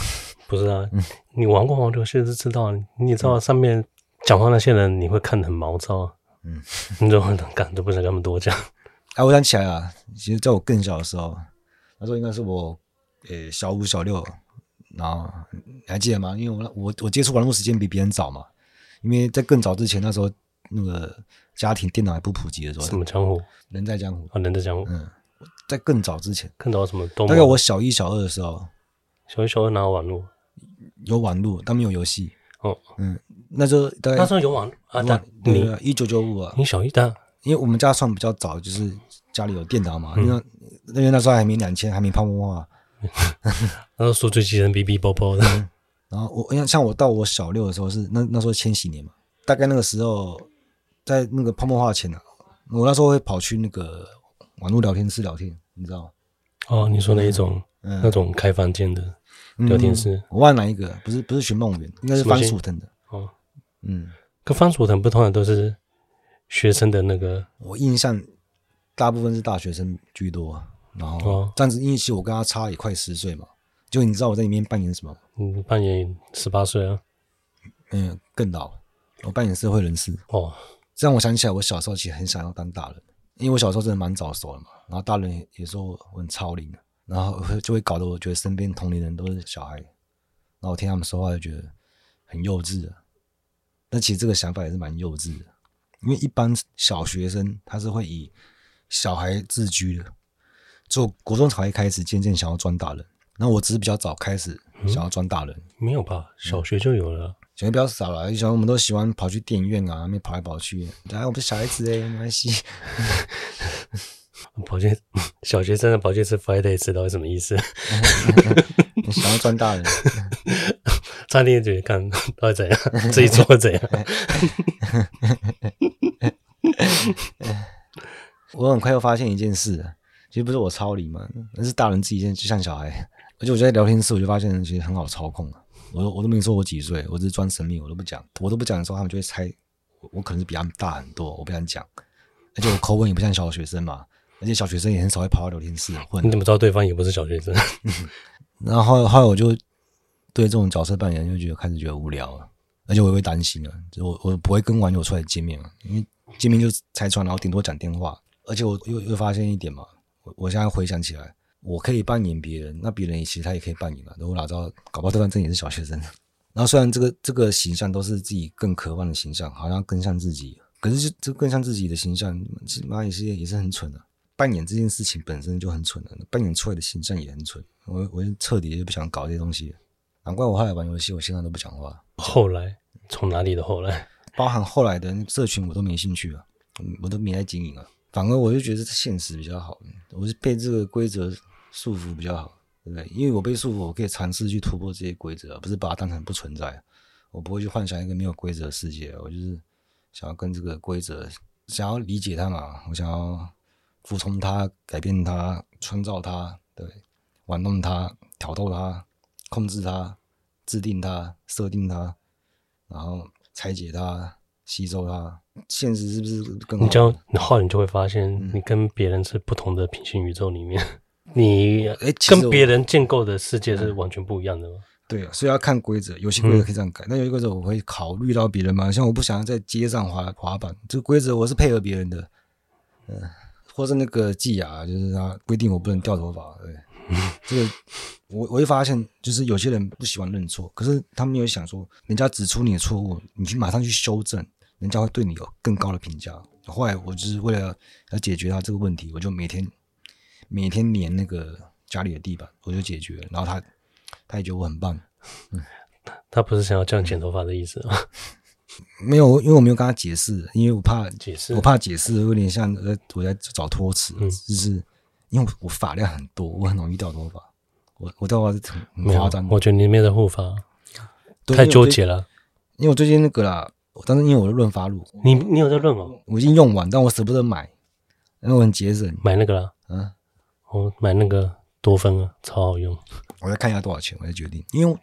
不是啊，嗯、你玩過王者確實是知道，你也知道上面講話那些人，你會看得很毛躁啊。嗯，你怎麼能感覺不想跟他們多講。哎、啊，我想起來了、啊，其實在我更小的時候，那時候應該是我，呃、欸，小五、小六，然後你還記得嗎？因為我我我接觸網絡時間比別人早嘛，因為在更早之前，那時候那個家庭電腦還不普及的時候。什麼江湖？人在江湖啊，人在江湖，嗯。在更早之前，更早什麼動物？大概我小一、小二的時候，小一、小二哪有網絡？有網絡，但沒有遊戲。哦，嗯，那時候大概那時候有網啊，那那對啊，一九九五啊，你小一的，因為我們家算比較早，就是家裡有電腦嘛。嗯、那那那時候還沒兩千，還沒泡沫化，那時候說最氣人，逼逼包包的。 然後我因為像我到我小六的時候是那那時候千禧年嘛，大概那個時候在那個泡沫化前呢、啊，我那時候會跑去那個。網絡聊天室聊天，你知道嗎？哦，你說那一種，嗯、那種開房間的聊天室，嗯、我忘了哪一個，不是不是尋夢園，應該是番薯藤的。哦，嗯，跟番薯藤不同的都是學生的那個。我印象大部分是大學生居多，然後當時年紀我跟他差也快十歲嘛。就你知道我在裡面扮演什麼？嗯，扮演十八歲啊，嗯，更老，我扮演社會人士。哦，這讓我想起來，我小時候其實很想要當大人。因為我小時候真的蠻早熟的嘛，然後大人也也說我很超齡，然後就會搞得我覺得身邊同齡人都是小孩，然後我聽他們說話就覺得很幼稚的、啊。但其實這個想法也是蠻幼稚的，因為一般小學生他是會以小孩自居的，就國中才開始漸漸想要裝大人。那我只是比較早開始想要裝大人、嗯，沒有吧？小學就有了。嗯以前比較少了，以前我們都喜歡跑去電影院啊，那邊跑來跑去。哎、啊，我們是小孩子誒、欸、沒關係。跑去小學生跑去吃 Friday 知道什麼意思？ 你想要裝大人， 餐廳裡面看到底怎樣，自己做會怎樣？ 我很快又發現一件事，其實不是我操理嘛，那是大人自己，先，就像小孩。而且我在聊天室，我就發現其實很好操控我都我都沒說我幾歲，我只是裝神秘，我都不講，我都不講的時候，他們就會猜我，我可能是比他們大很多，我不想講，而且我口吻也不像小學生嘛，而且小學生也很少會跑到聊天室混。你怎麼知道對方也不是小學生？ 然後後來我就對這種角色扮演就覺得開始覺得無聊了，而且我也會擔心了、啊，就我我不會跟網友出來見面了、啊，因為見面就拆穿，然後頂多講電話，而且我又又發現一點嘛，我我現在回想起來。我可以扮演別人，那別人也其實他也可以扮演嘛、啊。然後哪知道搞不好對方真也是小學生。然後雖然這個這個形象都是自己更渴望的形象，好像更像自己，可是就這更像自己的形象，其實嘛也是也是很蠢的、啊。扮演這件事情本身就很蠢的、啊，扮演出來的形象也很蠢。我我就徹底就不想搞這些東西。難怪我後來玩遊戲，我現在都不講話。後來從哪裡的後來，包含後來的社群，我都沒興趣了、啊，我都沒來經營了、啊。反而我就覺得現實比較好，我是被這個規則。束縛比較好，對不對？因為我被束縛，我可以嘗試去突破這些規則，不是把它當成不存在。我不會去幻想一個沒有規則的世界。我就是想要跟這個規則，想要理解它嘛。我想要服從它，改變它，創造它，對，玩弄它，挑逗它，控制它，制定它，設定它，然後拆解它，吸收它。現實是不是更好？你這樣，然後你就會發現，你跟別人是不同的平行宇宙裡面。嗯你哎，跟別人建構的世界是完全不一樣的嗎？欸、對啊，所以要看規則，有些規則可以這樣改，嗯、但遊戲規則我會考慮到別人嘛。像我不想要在街上滑滑板，這個規則我是配合別人的，嗯、呃，或者那個季雅，就是他規定我不能掉頭髮，對， 這個我我會發現，就是有些人不喜歡認錯，可是他們有想說，人家指出你的錯誤，你去馬上去修正，人家會對你有更高的評價。後來我就是為了要解決他這個問題，我就每天。每天粘那個家裡的地板，我就解決了。然後他，他也覺得我很棒。嗯，他不是想要這樣剪頭髮的意思嗎？ 沒有，因為我沒有跟他解釋，因為我怕解釋，我怕解釋會有點像我在，我在找托詞。嗯，就是因為我，我髮量很多，我很容易掉頭髮。我我掉髮是挺很誇張的。我覺得你沒有在護髮太糾結了，因，因為我最近那個啦，但是因為我有潤髮乳。你你有在潤嗎、哦？我已經用完，但我舍不得買，因為我很節省。買那個啊？嗯。我買那個多芬啊，超好用。我再看一下多少錢，我再決定。因為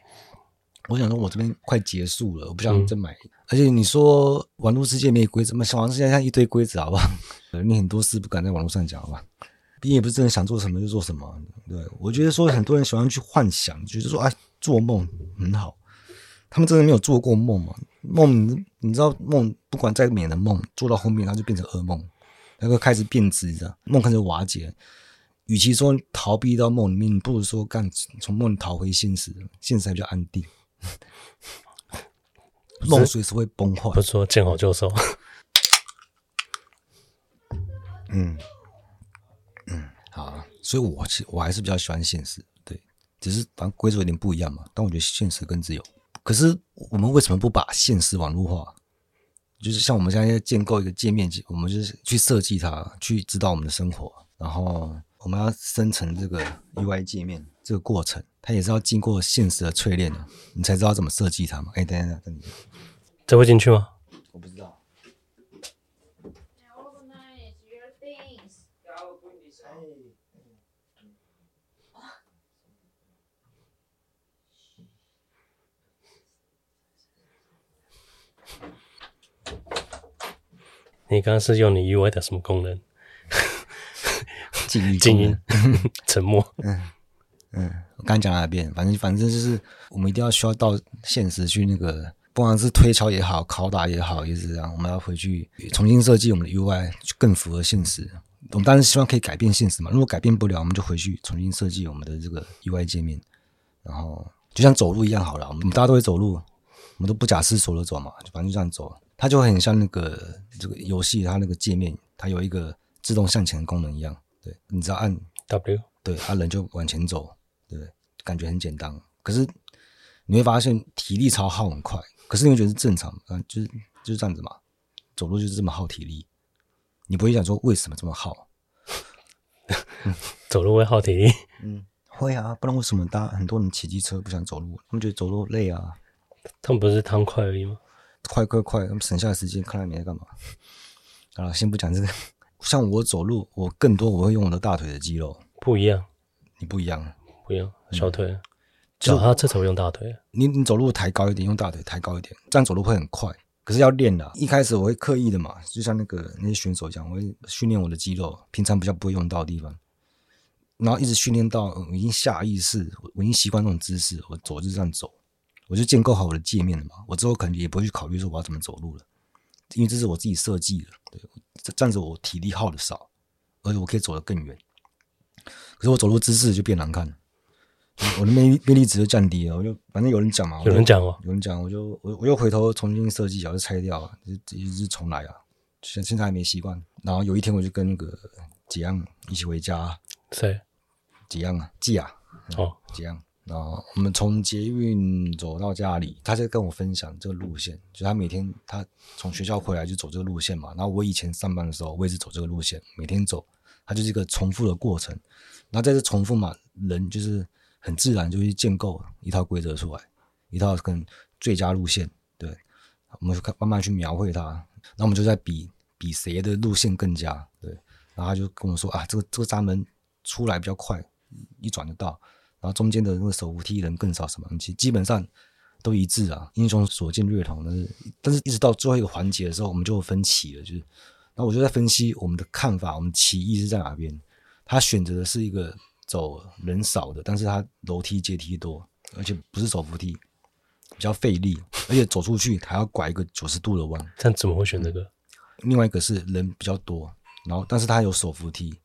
我想說，我這邊快結束了，我不想再買。嗯、而且你說網絡世界沒有規則嘛。網絡世界像一堆規則，好不好？ 你很多事不敢在網絡上講，好吧？畢竟也不是真的想做什麼就做什麼。對，我覺得說很多人喜歡去幻想，就是說啊，做夢很好。他們真的沒有做過夢嗎？夢，你知道夢不管再美的夢，做到後面它就變成噩夢，那個開始變質你知道，夢開始瓦解。與其說逃避到夢裡面，你不如說幹從夢逃回現實，現實才比較安定。夢隨時會崩壞，不是說見好就收。嗯嗯，好。所以我，我其實我還是比較喜歡現實，對，只是反正規則有點不一樣嘛。但我覺得現實更自由。可是，我們為什麼不把現實網絡化？就是像我們現在建構一個界面，我們就是去設計它，去指導我們的生活，然後。我們要生成這個 UI 界面，這個過程它也是要經過現實的淬煉的，你才知道怎麼設計它嘛。哎，等一下等一下，這會進去嗎？我不知道。你剛剛是用你 UI 的什麼功能？靜音，靜音，沉默。 嗯嗯，我剛講了一遍，反正反正就是，我們一定要需要到現實去那個，不管是推敲也好，拷打也好，也是這樣。我們要回去重新設計我們的 UI，去更符合現實。我們當然希望可以改變現實嘛，如果改變不了，我們就回去重新設計我們的這個 UI 界面。然後就像走路一樣好了，我們大家都會走路，我們都不假思索的走嘛，就反正就這樣走，它就很像那個這個遊戲，它那個界面，它有一個自動向前的功能一樣。你只要按 W，對，按、啊、人就往前走，對不對？感覺很簡單，可是你會發現體力超耗很快。可是你會覺得是正常的、啊，就是就是這樣子嘛，走路就是這麼耗體力，你不會想說為什麼這麼耗？ 走路會耗體力？嗯，會啊，不然為什麼大家很多人騎機車不想走路？他們覺得走路累啊，他們不是貪快而已嗎？快快快，他們省下的時間，看，看你在幹嘛？好、啊、了，先不講這個。像我走路，我更多我會用我的大腿的肌肉，不一樣，你不一樣，不一樣，小腿，腳、嗯、他這才用大腿。你你走路抬高一點，用大腿抬高一點，這樣走路會很快。可是要練的、啊，一開始我會刻意的嘛，就像那個那些選手講，我會訓練我的肌肉，平常比較不會用到的地方，然後一直訓練到、嗯、我已經下意識我，我已經習慣這種姿勢，我走就這樣走，我就建構好我的界面了嘛。我之後可能也不會去考慮說我要怎麼走路了，因為這是我自己設計的，對。站着我體力耗的少，而且我可以走得更遠。可是我走路姿勢就變難看，我的魅力魅力值就降低了。我就反正有人講嘛，有人講哦，有人講，我就我我又回頭重新設計一下，就拆掉，就直、是就是、重來啊。現現在還沒習慣。然後有一天我就跟那個幾樣一起回家，誰？幾樣啊？記啊、嗯。哦，幾樣。然後我們從捷運走到家裡，他在跟我分享這個路線，就他每天他從學校回來就走這個路線嘛。然後我以前上班的時候，我也是走這個路線，每天走，他就是一個重複的過程。然後在這重複嘛，人就是很自然就去建構一套規則出來，一套跟最佳路線。對，我們就慢慢去描繪它。那我們就在比比誰的路線更佳。對，然後他就跟我說啊，這個這個閘門出來比較快，一轉就到。然後中間的那個手扶梯人更少，什麼？其實基本上都一致啊，英雄所見略同。但是，但是一直到最後一個環節的時候，我們就分歧了。就是，然後我就在分析我們的看法，我們歧義是在哪邊？他選擇的是一個走人少的，但是他樓梯階梯多，而且不是手扶梯，比較費力，而且走出去還要拐一個九十度的彎。但怎麼會選這個？另外一個是人比較多，然後但是他有手扶梯。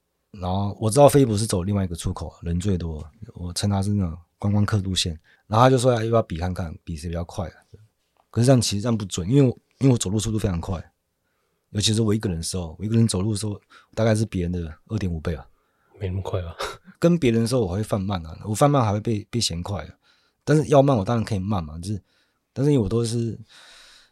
然後我知道飛博是走另外一個出口啊，人最多。我稱他是那種觀光客路線，然後他就說：“要不要比看看，比誰比較快啊。”可是這樣其實這樣不準，因為我因為我走路速度非常快，尤其是我一個人的時候，我一個人走路的時候大概是別人的二點五倍啊。沒那麼快吧？跟別人的時候我會放慢啊，我放慢還會被被嫌快啊。但是要慢我當然可以慢嘛，就是，但是因為我都是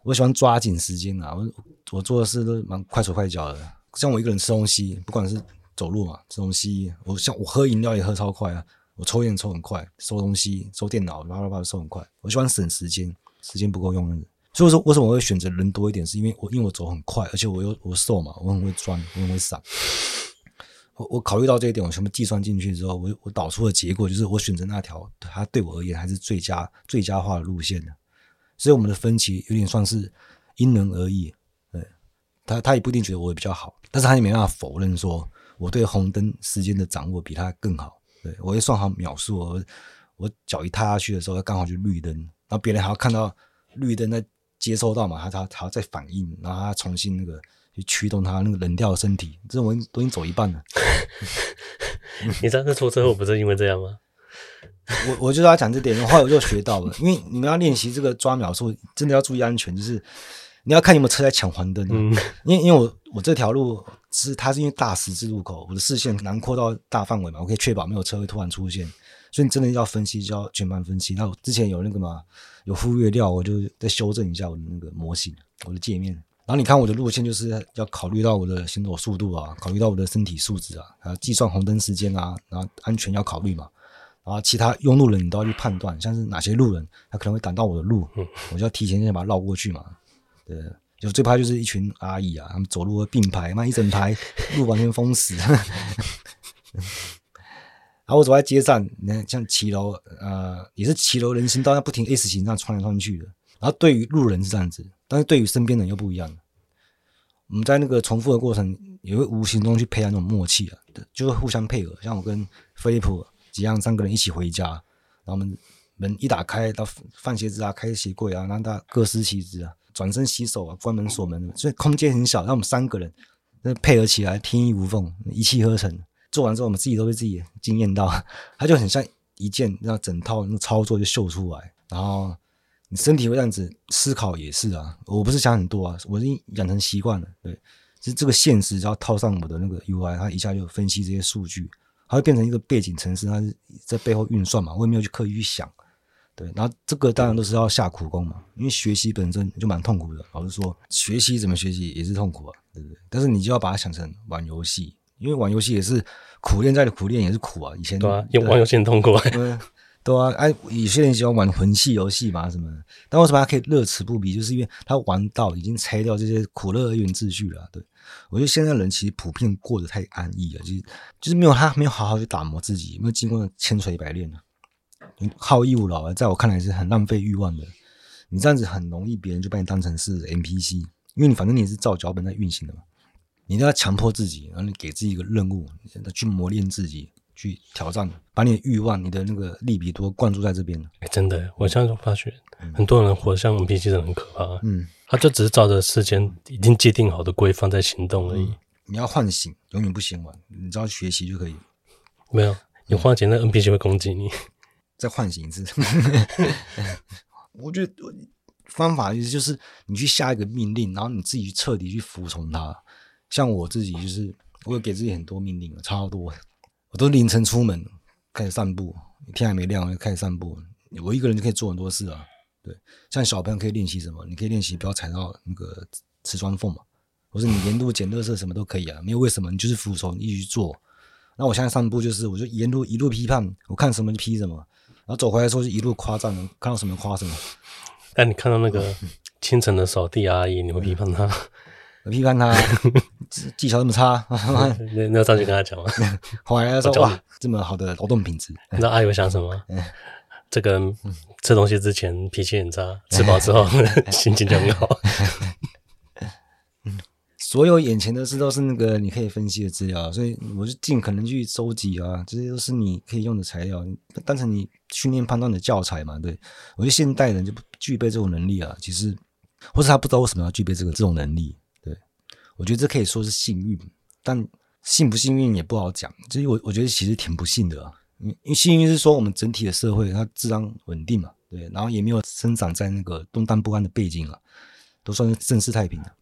我喜歡抓緊時間啊，我我做的事都蠻快手快腳的。像我一個人吃東西，不管是。走路嘛，這東西，我像我喝飲料也喝超快啊，我抽菸抽很快，收東西、收電腦叭叭叭收很快。我喜歡省時間，時間不夠用。所以我說，為什麼我會選擇人多一點？是因為我因為我走很快，而且我又我瘦嘛，我很會鑽，我很會閃。我我考慮到這一點，我全部計算進去之後，我我導出的結果就是我選擇那條，它對我而言還是最佳最佳化的路線。所以我們的分歧有點算是因人而異。對。他他也不一定覺得我比較好，但是他也沒辦法否認說。我對紅燈時間的掌握比他更好，對，我也算好秒數，我腳一踏下去的時候剛好就綠燈，然後別人還要看到綠燈在接收到嘛，他他還要再反應，然後他重新那個去驅動他那個冷掉的身體，這種東西走一半了。你上次出車禍不是因為這樣嗎？我就要講這點，後來我就學到了， 因為你們要練習這個抓秒數，真的要注意安全，就是你要看有沒有車在搶黃燈，嗯、 因為我，我這條路。是它是因為大十字路口，我的視線囊括到大範圍嘛，我可以確保沒有車會突然出現。所以你真的要分析，就要全盤分析。那我之前有那個嘛，有忽略掉，我就再修正一下我的那個模型，我的界面。然後你看我的路線，就是要考慮到我的行走速度啊，考慮到我的身體素質啊，然後計算紅燈時間啊，然後安全要考慮嘛。然後其他用路人你都要去判斷，像是哪些路人他可能會擋到我的路，我就要提前先把它繞過去嘛。對。就最怕就是一群阿姨啊，他們走路會並排，嘛，一整排路完全封死。然 後、啊、我走在街上，你看像騎樓，呃，也是騎樓人行道，那不停 S 型這樣穿來穿去的。然後對於路人是這樣子，但是對於身邊人又不一樣。我們在那個重複的過程，也會無形中去培養那種默契啊，就是互相配合。像我跟菲利普幾樣三個人一起回家，然後我們門一打開，到放鞋子啊，開鞋櫃啊，然後大家各司其職啊。轉身洗手啊，關門鎖門，所以空間很小，讓我們三個人配合起來天衣無縫，一氣呵成。做完之後，我們自己都被自己驚艷到，它就很像一件讓整套那個操作就秀出來。然後你身體會這樣子思考也是啊，我不是想很多啊，我已經養成習慣了。對，是這個現實，只要套上我的那個 UI，它一下就分析這些數據，它會變成一個背景程式，它是在背後運算嘛，我也沒有去刻意去想。對，然後這個當然都是要下苦功嘛、嗯，因為學習本身就蠻痛苦的。老實說，學習怎麼學習也是痛苦啊，對不對？但是你就要把它想成玩遊戲，因為玩遊戲也是苦練，在的苦練也是苦啊。以前對啊，對啊，用玩遊戲很痛苦、哎。對、啊，對啊。哎、 啊，有些人喜歡玩魂系遊戲嘛，什麼？但為什麼他可以樂此不疲？就是因為他玩到已經拆掉這些苦樂二元秩序了、啊。對，我覺得現在人其實普遍過得太安逸了，就是就是沒有他，他沒有好好去打磨自己，沒有經過千錘百煉啊。你好逸惡勞、啊，在我看來是很浪費慾望的。你這樣子很容易，別人就把你當成是 NPC，因為你反正你是照腳本在運行的嘛。你都要強迫自己，然後你給自己一個任務，現在去磨練自己，去挑戰，把你的欲望、你的那個利比多灌注在這邊、欸。真的，我現在就發覺，很多人活像 NPC 的人很可怕。嗯，他就只是照着世間已經界定好的規範在行動而已。你要喚醒，永遠不嫌晚。你只要學習就可以。沒有，嗯、你花錢，那 NPC 會攻擊你。再喚醒一次 我覺得方法就是你去下一個命令，然後你自己去徹底去服從它。像我自己就是，我有給自己很多命令，差超多。我都凌晨出門開始散步，天還沒亮就開始散步。我一個人就可以做很多事啊。對，像小朋友可以練習什麼？你可以練習不要踩到那個瓷磚縫嘛，我說你沿路撿垃圾什麼都可以啊，沒有為什麼，你就是服從，你一去做。那我現在散步就是，我就沿路一路批判，我看什麼就批什麼。然後走回來的時候就一路誇讚，看到什麼誇什麼。哎，你看到那個清晨的掃地 阿姨，你會批判她、嗯？我批判她 技巧那麼差， 那那你你要上去跟她講嗎、嗯？後來他說哇，這麼好的勞動品質。你知道阿姨會想什麼、嗯？這個吃東西之前脾氣很差，吃飽之後、嗯、 心情就很好。嗯嗯嗯嗯嗯所有眼前的事都是那個你可以分析的資料，所以我就盡可能去收集啊，這些都是你可以用的材料，當成你訓練判斷的教材嘛，對，我覺得現代人就不具備這種能力啊，其實，或是他不知道為什麼要具備這個這種能力，對，我覺得這可以說是幸運，但幸不幸運也不好講。其實我我覺得其實挺不幸的啊，因為幸運是說我們整體的社會它自然穩定嘛，對，然後也沒有生長在那個動盪不安的背景啊，都算是盛世太平的。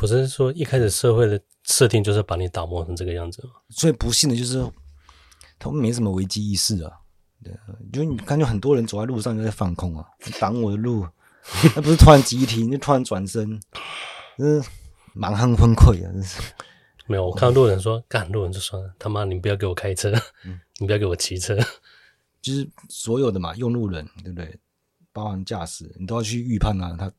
不是說一開始社會的設定就是把你打磨成這個樣子嗎？所以不幸的就是他們沒什麼危機意識啊。對啊，就你看就很多人走在路上就在放空啊，擋我的路，那 不是突然急停，就突然轉身，嗯，蠻橫崩潰啊！沒有，我看到路人說， 幹路人就算了，他媽，你不要給我開車，嗯，你不要給我騎車，就是所有的嘛，用路人對不對？包含駕駛，你都要去預判啊，他。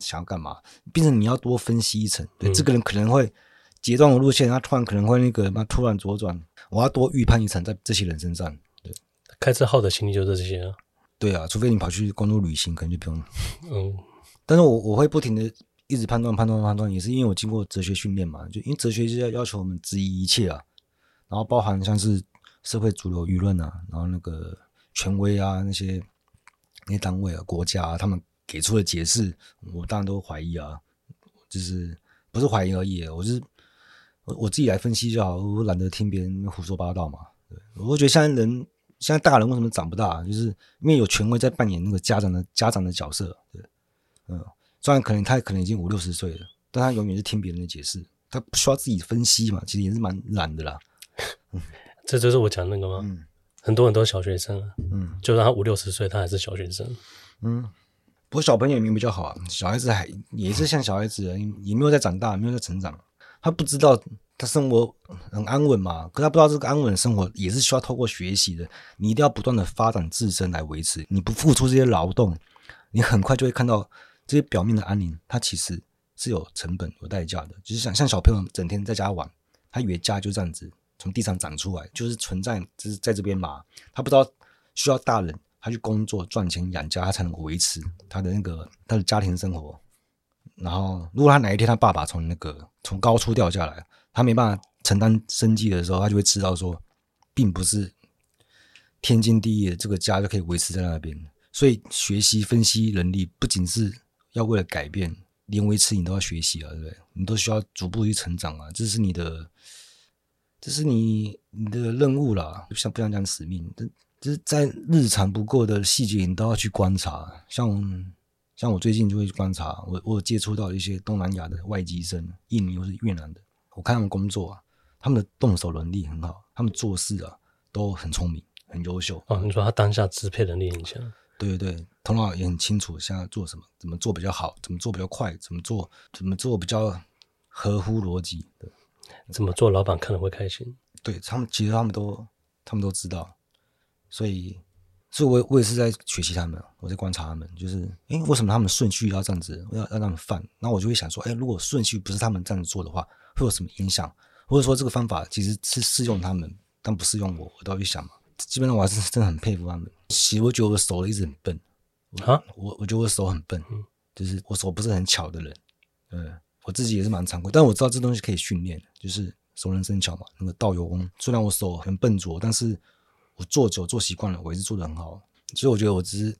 想要幹嘛？變成你要多分析一層，對、嗯，這個人可能會截斷我路線，他突然可能會那個他突然左轉，我要多預判一層，在這些人身上。對，開車耗的心力就是這些啊。對啊，除非你跑去公路旅行，可能就不用。嗯，但是我我會不停的一直判斷判斷判斷，也是因為我經過哲學訓練嘛，就因為哲學就是要要求我們質疑一切啊，然後包含像是社會主流輿論啊，然後那個權威啊那些那些單位啊國家啊他們給出的解釋，我當然都懷疑啊，就是不是懷疑而已，我、就是我，我自己來分析就好，我懶得聽別人胡說八道嘛。對，我覺得現在人現在大人為什麼長不大，就是因為有權威在扮演那個家長的家長的角色。對，嗯，雖然可能他可能已經五六十歲了，但他永遠是聽別人的解釋，他不需要自己分析嘛，其實也是蠻懶的啦。嗯，這就是我講那個嗎？嗯，很多很多小學生、啊，嗯，就算他五六十歲，他還是小學生。嗯。不過小朋友也比較好啊，小孩子還也是像小孩子，也沒有在長大，沒有在成長。他不知道他生活很安穩嘛，可他不知道這個安穩的生活也是需要透過學習的。你一定要不斷的發展自身來維持。你不付出這些勞動，你很快就會看到這些表面的安寧，它其實是有成本有代價的。就是想像小朋友整天在家玩，他以為家就這樣子從地上長出來，就是存在，就是在這邊嘛。他不知道需要大人，他去工作賺錢養家，他才能維持他的那個他的家庭生活。然後，如果他哪一天他爸爸從那個從高處掉下來，他沒辦法承擔生計的時候，他就會知道說，並不是天經地義的這個家就可以維持在那邊。所以，學習分析能力不僅是要為了改變，連維持你都要學習啊，對不對？你都需要逐步去成長啊，這是你的，這是你你的任務了，就像不像講使命，就是在日常不過的細節，你都要去觀察，像像我最近就會去觀察，我我接觸到一些東南亞的外籍生，印尼或是越南的，我看他們工作啊，他們的動手能力很好，他們做事啊都很聰明，很優秀。哦，你說他當下支配能力很強。對對對，頭腦也很清楚，現在做什麼，怎麼做比較好，怎麼做比較快，怎麼做怎麼做比較合乎邏輯，怎麼做老闆看了會開心。對他們，其實他們都他們都知道。所以，所以我我也是在學習他們，我在觀察他們，就是哎、欸，為什麼他們順序要這樣子，要讓他們犯。那我就會想說，哎、欸，如果順序不是他們這樣子做的話，會有什麼影響？或者說這個方法其實是適用他們，但不適用我，我倒會想嘛。基本上我還是真的很佩服他們。其實我覺得我手一直很笨啊，我我，我覺得我手很笨，就是我手不是很巧的人。嗯，我自己也是蠻慚愧，但我知道這東西可以訓練，就是熟能生巧嘛。那個倒油翁，雖然我手很笨拙，但是。我做久做習慣了，我一直做得很好，所以我覺得我只是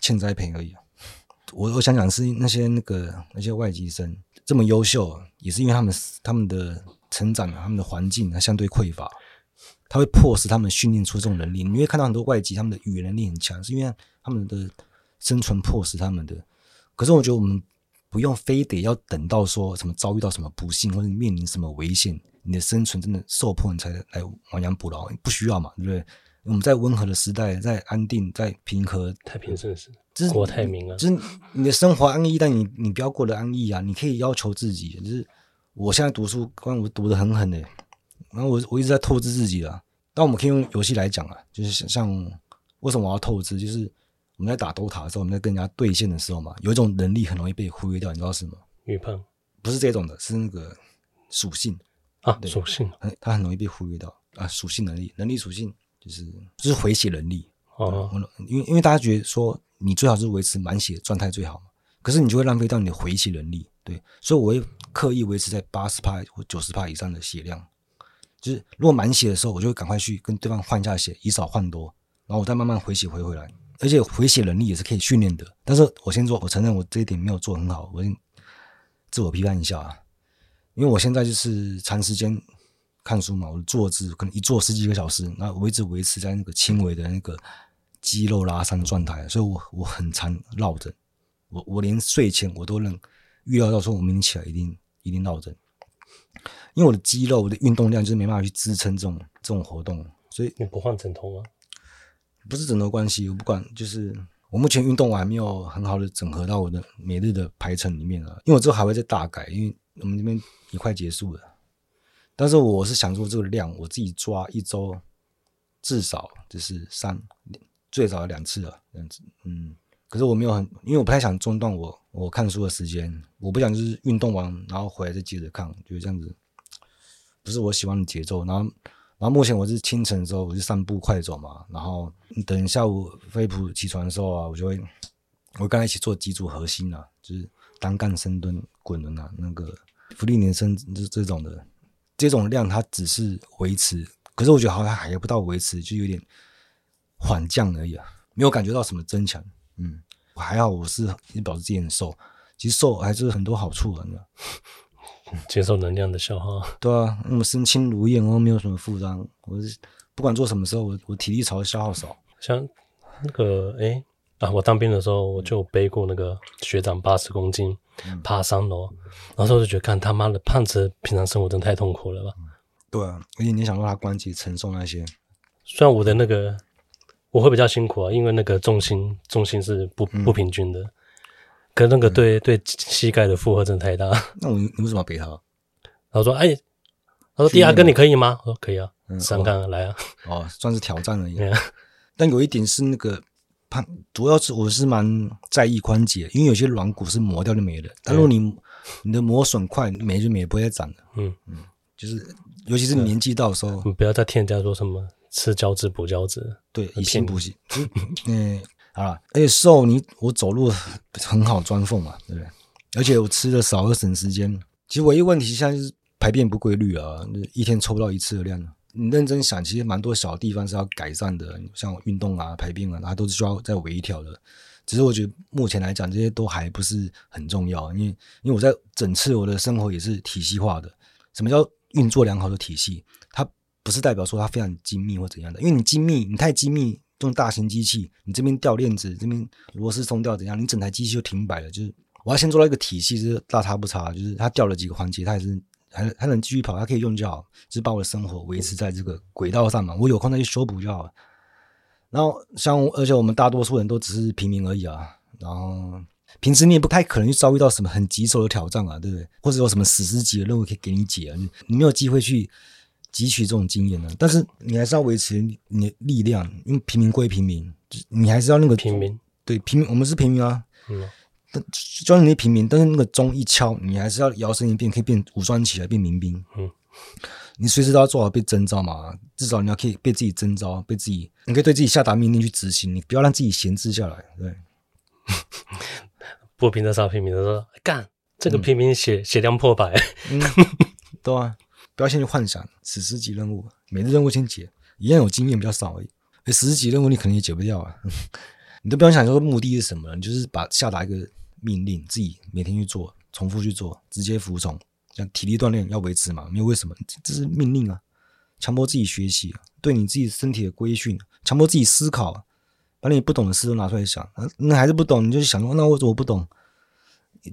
欠栽培而已。我我想講是那些那個那些外籍生這麼優秀，也是因為他們他們的成長，他們的環境啊相對匱乏，他會迫使他們訓練出這種能力。你會看到很多外籍，他們的語言能力很強，是因為他們的生存迫使他們的。可是我覺得我們不用非得要等到說什麼遭遇到什麼不幸，或者面臨什麼危險，你的生存真的受迫，你才來亡羊補牢，不需要嘛，對不對？我們在溫和的時代，在安定，在平和太平盛世，這是國泰民安，就是你的生活安逸。但你你不要過得安逸啊！你可以要求自己，就是我現在讀書，關我讀得很狠的，欸，然後我我一直在透支自己了，啊。但我們可以用遊戲來講啊，就是像為什麼我要透支？就是我們在打 Dota 的時候，我們在跟人家對線的時候嘛，有一種能力很容易被忽略掉，你知道是什麼？預判？不是這種的，是那個屬性啊，對，屬性它很容易被忽略掉啊，屬性能力、能力屬性。就是就是回血能力哦，因為、uh-huh、因為大家覺得說你最好是維持滿血狀態最好嘛，可是你就會浪費到你的回血能力。對，所以我會刻意維持在八十趴或九十趴以上的血量。就是如果滿血的時候，我就會趕快去跟對方換一下血，以少換多，然後我再慢慢回血回回來。而且回血能力也是可以訓練的。但是我先說，我承認我這一點沒有做很好，我先自我批判一下啊，因為我現在就是長時間。看書嘛，我的坐姿可能一坐十幾個小時，那我一直維持在那個輕微的那個肌肉拉傷的狀態，所以我我很常落枕，我我連睡前我都能預料到說，我明天起來一定一定落枕，因為我的肌肉我的運動量就是沒辦法去支撐這種這種活動，所以你不換枕頭嗎？不是枕頭關係，我不管，就是我目前運動我還沒有很好的整合到我的每日的排程裡面啊，因為我之後還會再大改，因為我們這邊也快結束了。但是我是想說，這個量我自己抓一，一周至少就是三，最少兩次啊，這樣子。嗯，可是我沒有很，因為我不太想中斷我我看書的時間，我不想就是運動完然後回來再接着看，就是這樣子不是我喜歡的節奏。然後，然後目前我是清晨的時候我就散步快走嘛，然後等一下午飛普起床的時候啊，我就會我剛才一起做幾組核心啊，就是單槓深蹲、滾輪啊，那個伏地挺身就這種的。這種量它只是維持，可是我覺得好像還不到維持，就有點緩降而已啊，沒有感覺到什麼增強。嗯，還好我是你保持自己很瘦，其實瘦還是很多好處的呢。減、嗯、少能量的消耗。對啊，那、嗯、麼身輕如燕，我沒有什麼負擔。我是不管做什麼時候，我我體力才會消耗少。像那個哎啊，我當兵的時候，我就背過那個學長八十公斤。爬三樓、哦嗯，然後我就覺得，看他媽的胖子，平常生活真的太痛苦了吧？嗯、對，啊，而且你想讓他關節承受那些，雖然我的那個我會比較辛苦啊，因為那個重心重心是不不平均的，嗯、可是那個對、嗯、對，對膝蓋的負荷真的太大。那我你為什麼背他？他說：“哎，他說第二個你可以嗎？”我說：“可以啊，三、嗯、槓來啊。”哦，算是挑戰了一樣、嗯。但有一點是那個。胖主要是我是蠻在意關節，因為有些軟骨是磨掉就沒了。但如果你、嗯、你的磨損快，沒就沒，不會再長了。嗯嗯，就是尤其是年紀到的時候、嗯，你不要再聽人家說什麼吃膠質補膠質，對，以前不行。嗯、 欸，好了，而且瘦你我走路很好鑽縫嘛，對不對？而且我吃的少又省時間。其實唯一問題現在就是排便不規律啊，一天抽不到一次的量你認真想，其實蠻多小的地方是要改善的，像運動啊、排便啊，它都是需要再微調的。只是我覺得目前來講，這些都還不是很重要。因為，因為我在整次我的生活也是體系化的。什麼叫運作良好的體系？它不是代表說它非常精密或怎樣的。因為你精密，你太精密，這種大型機器，你這邊掉鏈子，這邊螺絲鬆掉，怎樣，你整台機器就停擺了。就是我要先做到一個體系、就是大差不差，就是它掉了幾個環節，它也是。還還能繼續跑，還可以用就好，只、就是把我的生活維持在這個軌道上嘛。我有空再去修補就好。然後像，像而且我們大多數人都只是平民而已啊。然後平時你也不太可能去遭遇到什麼很棘手的挑戰啊，對不對？或者有什麼史詩級的任務可以給你解啊你？你沒有機會去汲取這種經驗呢、啊。但是你還是要維持你的力量，因為平民歸平民，你還是要那個平民。對，平民，我們是平民啊。嗯但就算你那平民，但是那個鐘一敲，你還是要搖身一變，可以變武裝起來，變民兵。嗯，你隨時都要做好被徵召嘛，至少你要可以被自己徵召，被自己，你可以對自己下達命令去執行，你不要讓自己閒置下來。對，不平的是和平民，等說，幹這個平民血、嗯、血量破百、嗯，對啊，不要先去幻想史詩級任務，每日任務先解，一樣有經驗比較少而已。史詩級任務你可能也解不掉啊， 你都不要想說目的是什麼，你就是把下達一個。命令自己每天去做，重複去做，直接服從。像體力鍛鍊要維持嘛，沒有為什麼，這是命令啊，強迫自己學習，對你自己身體的規訓，強迫自己思考，把你不懂的事都拿出來想。那還是不懂，你就想說，那我怎麼不懂？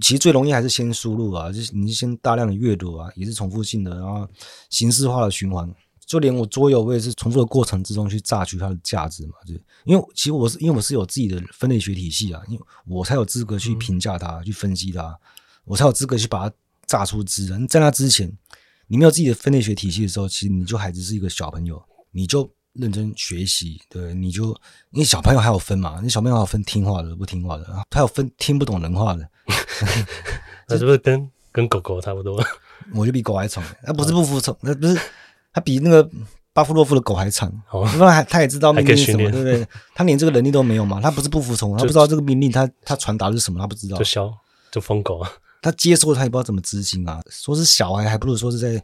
其實最容易還是先輸入啊，就你先大量的閱讀啊，也是重複性的，然後形式化的循環。就連我桌遊我也是重複的過程之中去榨取它的價值嘛？對，因為其實我是因為我是有自己的分類學體系啊，因為我才有資格去評價它、嗯、去分析它，我才有資格去把它榨出汁。但在那之前，你沒有自己的分類學體系的時候，其實你就還只是一個小朋友，你就認真學習，對，你就，因為小朋友還有分嘛，你小朋友還有分聽話的、不聽話的，還有分聽不懂人話的。那 是不是跟跟狗狗差不多？我就比狗還寵、欸，那、啊、不是不服從，那、啊、不是。 他比那個巴甫洛夫的狗還慘，哦、他，還他也知道命令是什麼，對不對？他連這個能力都沒有嘛？他不是不服從，他不知道這個命令他，他他傳達的是什麼，他不知道。就消，就瘋狗。他接受，他也不知道怎麼執行啊。說是小孩，還不如說是在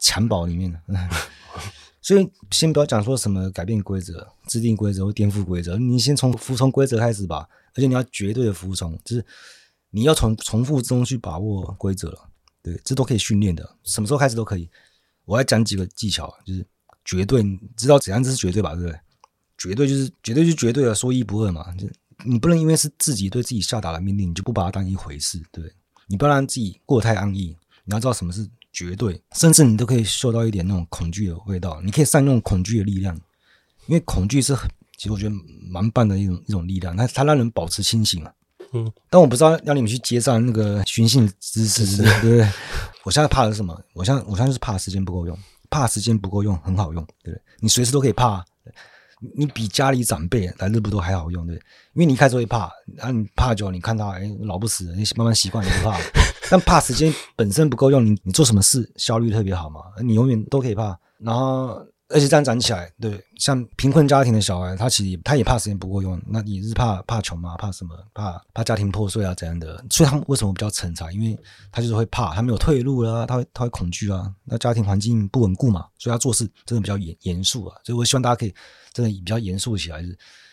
襁褓裡面呢。 所以，先不要講說什麼改變規則、制定規則或顛覆規則，你先從服從規則開始吧。而且你要絕對的服從，就是你要從重複之中去把握規則。對，這都可以訓練的，什麼時候開始都可以。我要講幾個技巧，就是絕對，你知道怎樣這是絕對吧？對不對？絕對就是絕對，是絕對的，說一不二嘛。你不能因為是自己對自己下達的命令，你就不把它當一回事，對不對？你不要讓自己過得太安逸。你要知道什麼是絕對，甚至你都可以受到一點那種恐懼的味道。你可以善用恐懼的力量，因為恐懼是很，其實我覺得蠻棒的一種一種力量，它它讓人保持清醒啊。嗯，但我不知道讓你們去街上那個尋釁滋事、嗯，對不對？ 我現在怕的是什麼？我現在我現在就是怕時間不夠用，怕時間不夠用很好用，對不對？你隨時都可以怕，你比家裡長輩來日不都還好用，對不對？因為你一開始會怕，那、啊、你怕久，你看到、哎、老不死，你慢慢習慣你不怕。 但怕時間本身不夠用，你你做什麼事效率特別好嘛？你永遠都可以怕，然後。而且這樣講起來，對，像貧困家庭的小孩，他其實也他也怕時間不夠用，那也是怕怕窮嘛？怕什麼？怕怕家庭破碎啊，這樣的。所以他們為什麼比較成才？因為他就是會怕，他沒有退路了，啊，他會他會恐懼啊。那家庭環境不穩固嘛，所以他做事真的比較嚴嚴肅啊。所以我希望大家可以真的比較嚴肅起來是，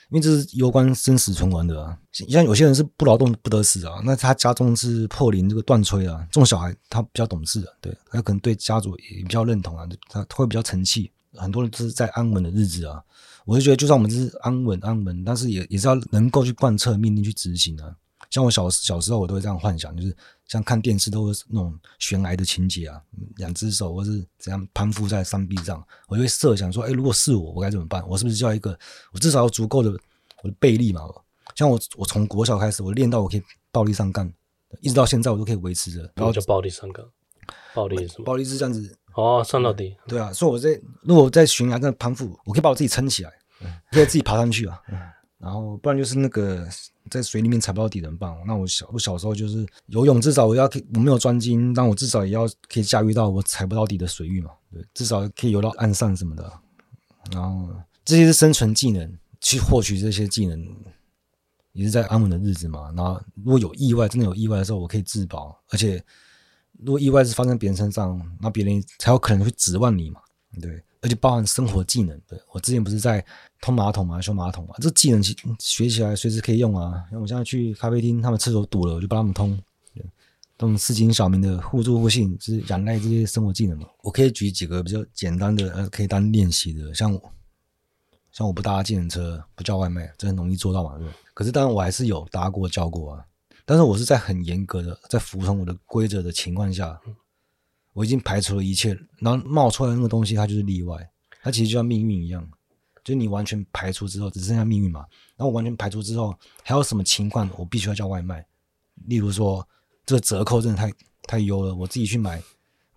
因為這是攸關生死存亡的，啊。像有些人是不勞動不得死啊，那他家中是破零這個斷炊啊，這種小孩他比較懂事的，啊，對，他可能對家族也比較認同啊，他他會比較成器。很多人都是在安穩的日子啊，我就覺得，就算我們是安穩安穩，但是也也是要能夠去貫徹命令去執行啊。像我小小時候，我都會這樣幻想，就是像看電視都是那種懸崖的情節啊，兩隻手或是怎樣攀附在山壁上，我就會設想說，哎、欸，如果是我，我該怎麼辦？我是不是就要一個？我至少要足夠的我的臂力嘛？我像我我從國小開始，我練到我可以暴力上槓，一直到現在我都可以維持着。然後叫暴力上槓，暴力暴力是這樣子。哦、oh，上到底。對啊，所以我在如果我在懸崖上攀附，我可以把我自己撐起來，可以自己爬上去啊。 然後不然就是那個在水裡面踩不到底怎麼辦？那我小我小時候就是游泳，至少我要我沒有專精，但我至少也要可以駕馭到我踩不到底的水域嘛。對，至少可以游到岸上什麼的。然後，這些是生存技能，去獲取這些技能也是在安穩的日子嘛。然後如果有意外，真的有意外的時候，我可以自保，而且。如果意外是發生別人身上，那別人才有可能會指望你嘛。對，而且包含生活技能。對我之前不是在通馬桶嘛，修馬桶嘛，這技能其實學起來隨時可以用啊。因為我現在去咖啡廳，他們廁所堵了，我就幫他們通。對，這種市井小民的互助互信，就是仰賴這些生活技能嘛。我可以舉幾個比較簡單的，呃，可以當練習的，像我像我不搭計程車，不叫外賣，這很容易做到嘛。可是當然，我還是有搭過、叫過啊。但是我是在很嚴格的，在服從我的規則的情況下，我已經排除了一切，然後冒出來的那個東西，它就是例外。它其實就像命運一樣，就你完全排除之後，只剩下命運嘛。然後我完全排除之後，還有什麼情況我必須要叫外賣？例如說，這個折扣真的太太優了，我自己去買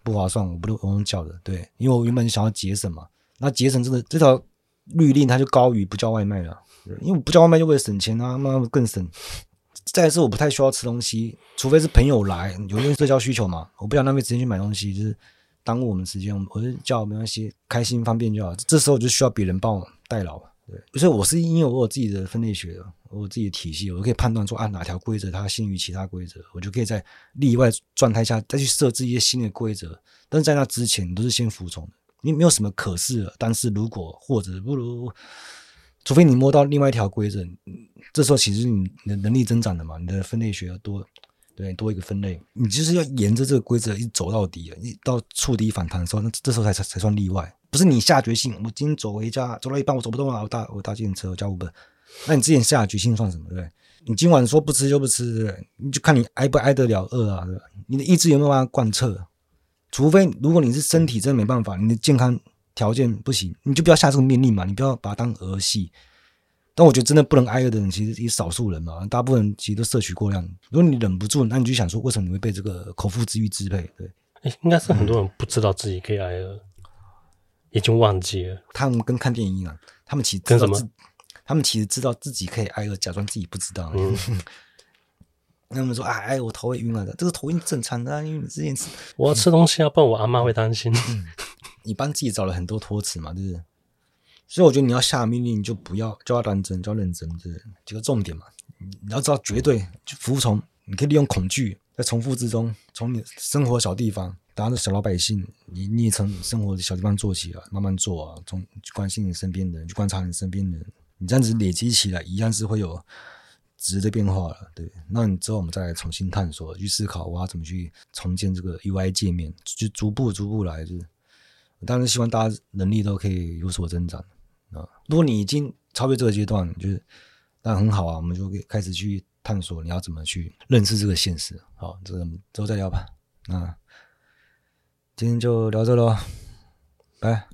不划算，我不都不用叫的。對，因為我原本想要節省嘛，那節省這個這條律令，它就高於不叫外賣了。因為我不叫外賣就為了省錢啊，那更省。再一次，我不太需要吃東西，除非是朋友來，有因為社交需求嘛。我不想浪費時間去買東西，就是耽誤我們時間。我就叫沒關係，開心方便就好。這時候就需要別人幫我代勞。對，所以我是因為我有自己的分類學，我自己的體系，我可以判斷出按哪條規則它先於其他規則，我就可以在例外狀態下再去設置一些新的規則。但是在那之前，都是先服從的，因為沒有什麼可是，但是如果或者不如。除非你摸到另外一條規則，這時候其實你能力增長的嘛，你的分類學要多，對，多一個分類，你就是要沿着這個規則一走到底，你到觸底反彈的時候，那這時候才才算例外。不是你下決心，我今天走回家，走到一半我走不動了，我搭我搭進車車，我加五本，那你之前下決心算什麼，對不對？你今晚說不吃就不吃，你就看你挨不挨得了餓啊，對吧？你的意志有沒有辦法貫徹？除非如果你是身體真的沒辦法，你的健康。條件不行，你就不要下這個命令嘛！你不要把它當兒戲。但我覺得真的不能挨餓的人，其實也少數人嘛。大部分人其實都攝取過量。如果你忍不住，那你就想說，為什麼你會被這個口腹之欲支配？對，應該是很多人不知道自己可以挨餓，已、嗯、經忘記了。他們跟看電影一、啊、樣，他們其實跟什麼他們其實知道自己可以挨餓，假裝自己不知道、欸。嗯， 他們說：“哎，哎我頭也暈了的，這個頭暈正常，啊。”因為你之前吃，我要吃東西要、啊、 不然我阿媽會擔心。嗯你幫自己找了很多託詞嘛，就是，所以我覺得你要下命令，你就不要，就要當真，就要認真，就是幾、這個重點嘛你，你要知道絕對就服從，你可以利用恐懼，在重複之中，從你生活小地方，當着小老百姓，你你也從生活的小地方做起啊，慢慢做啊，從關心你身邊的人，去觀察你身邊的人，你這樣子累積起來，一樣是會有值的變化了，對。那你之後我們再來重新探索，去思考我要怎麼去重建這個 UI 界面，就，就逐步逐步來，就是。當然希望大家能力都可以有所增長啊，嗯，如果你已經超越這個階段，就是那很好啊，我們就可以開始去探索你要怎麼去認識這個現實。好，這個之後再聊吧。那今天就聊這嘍，拜拜。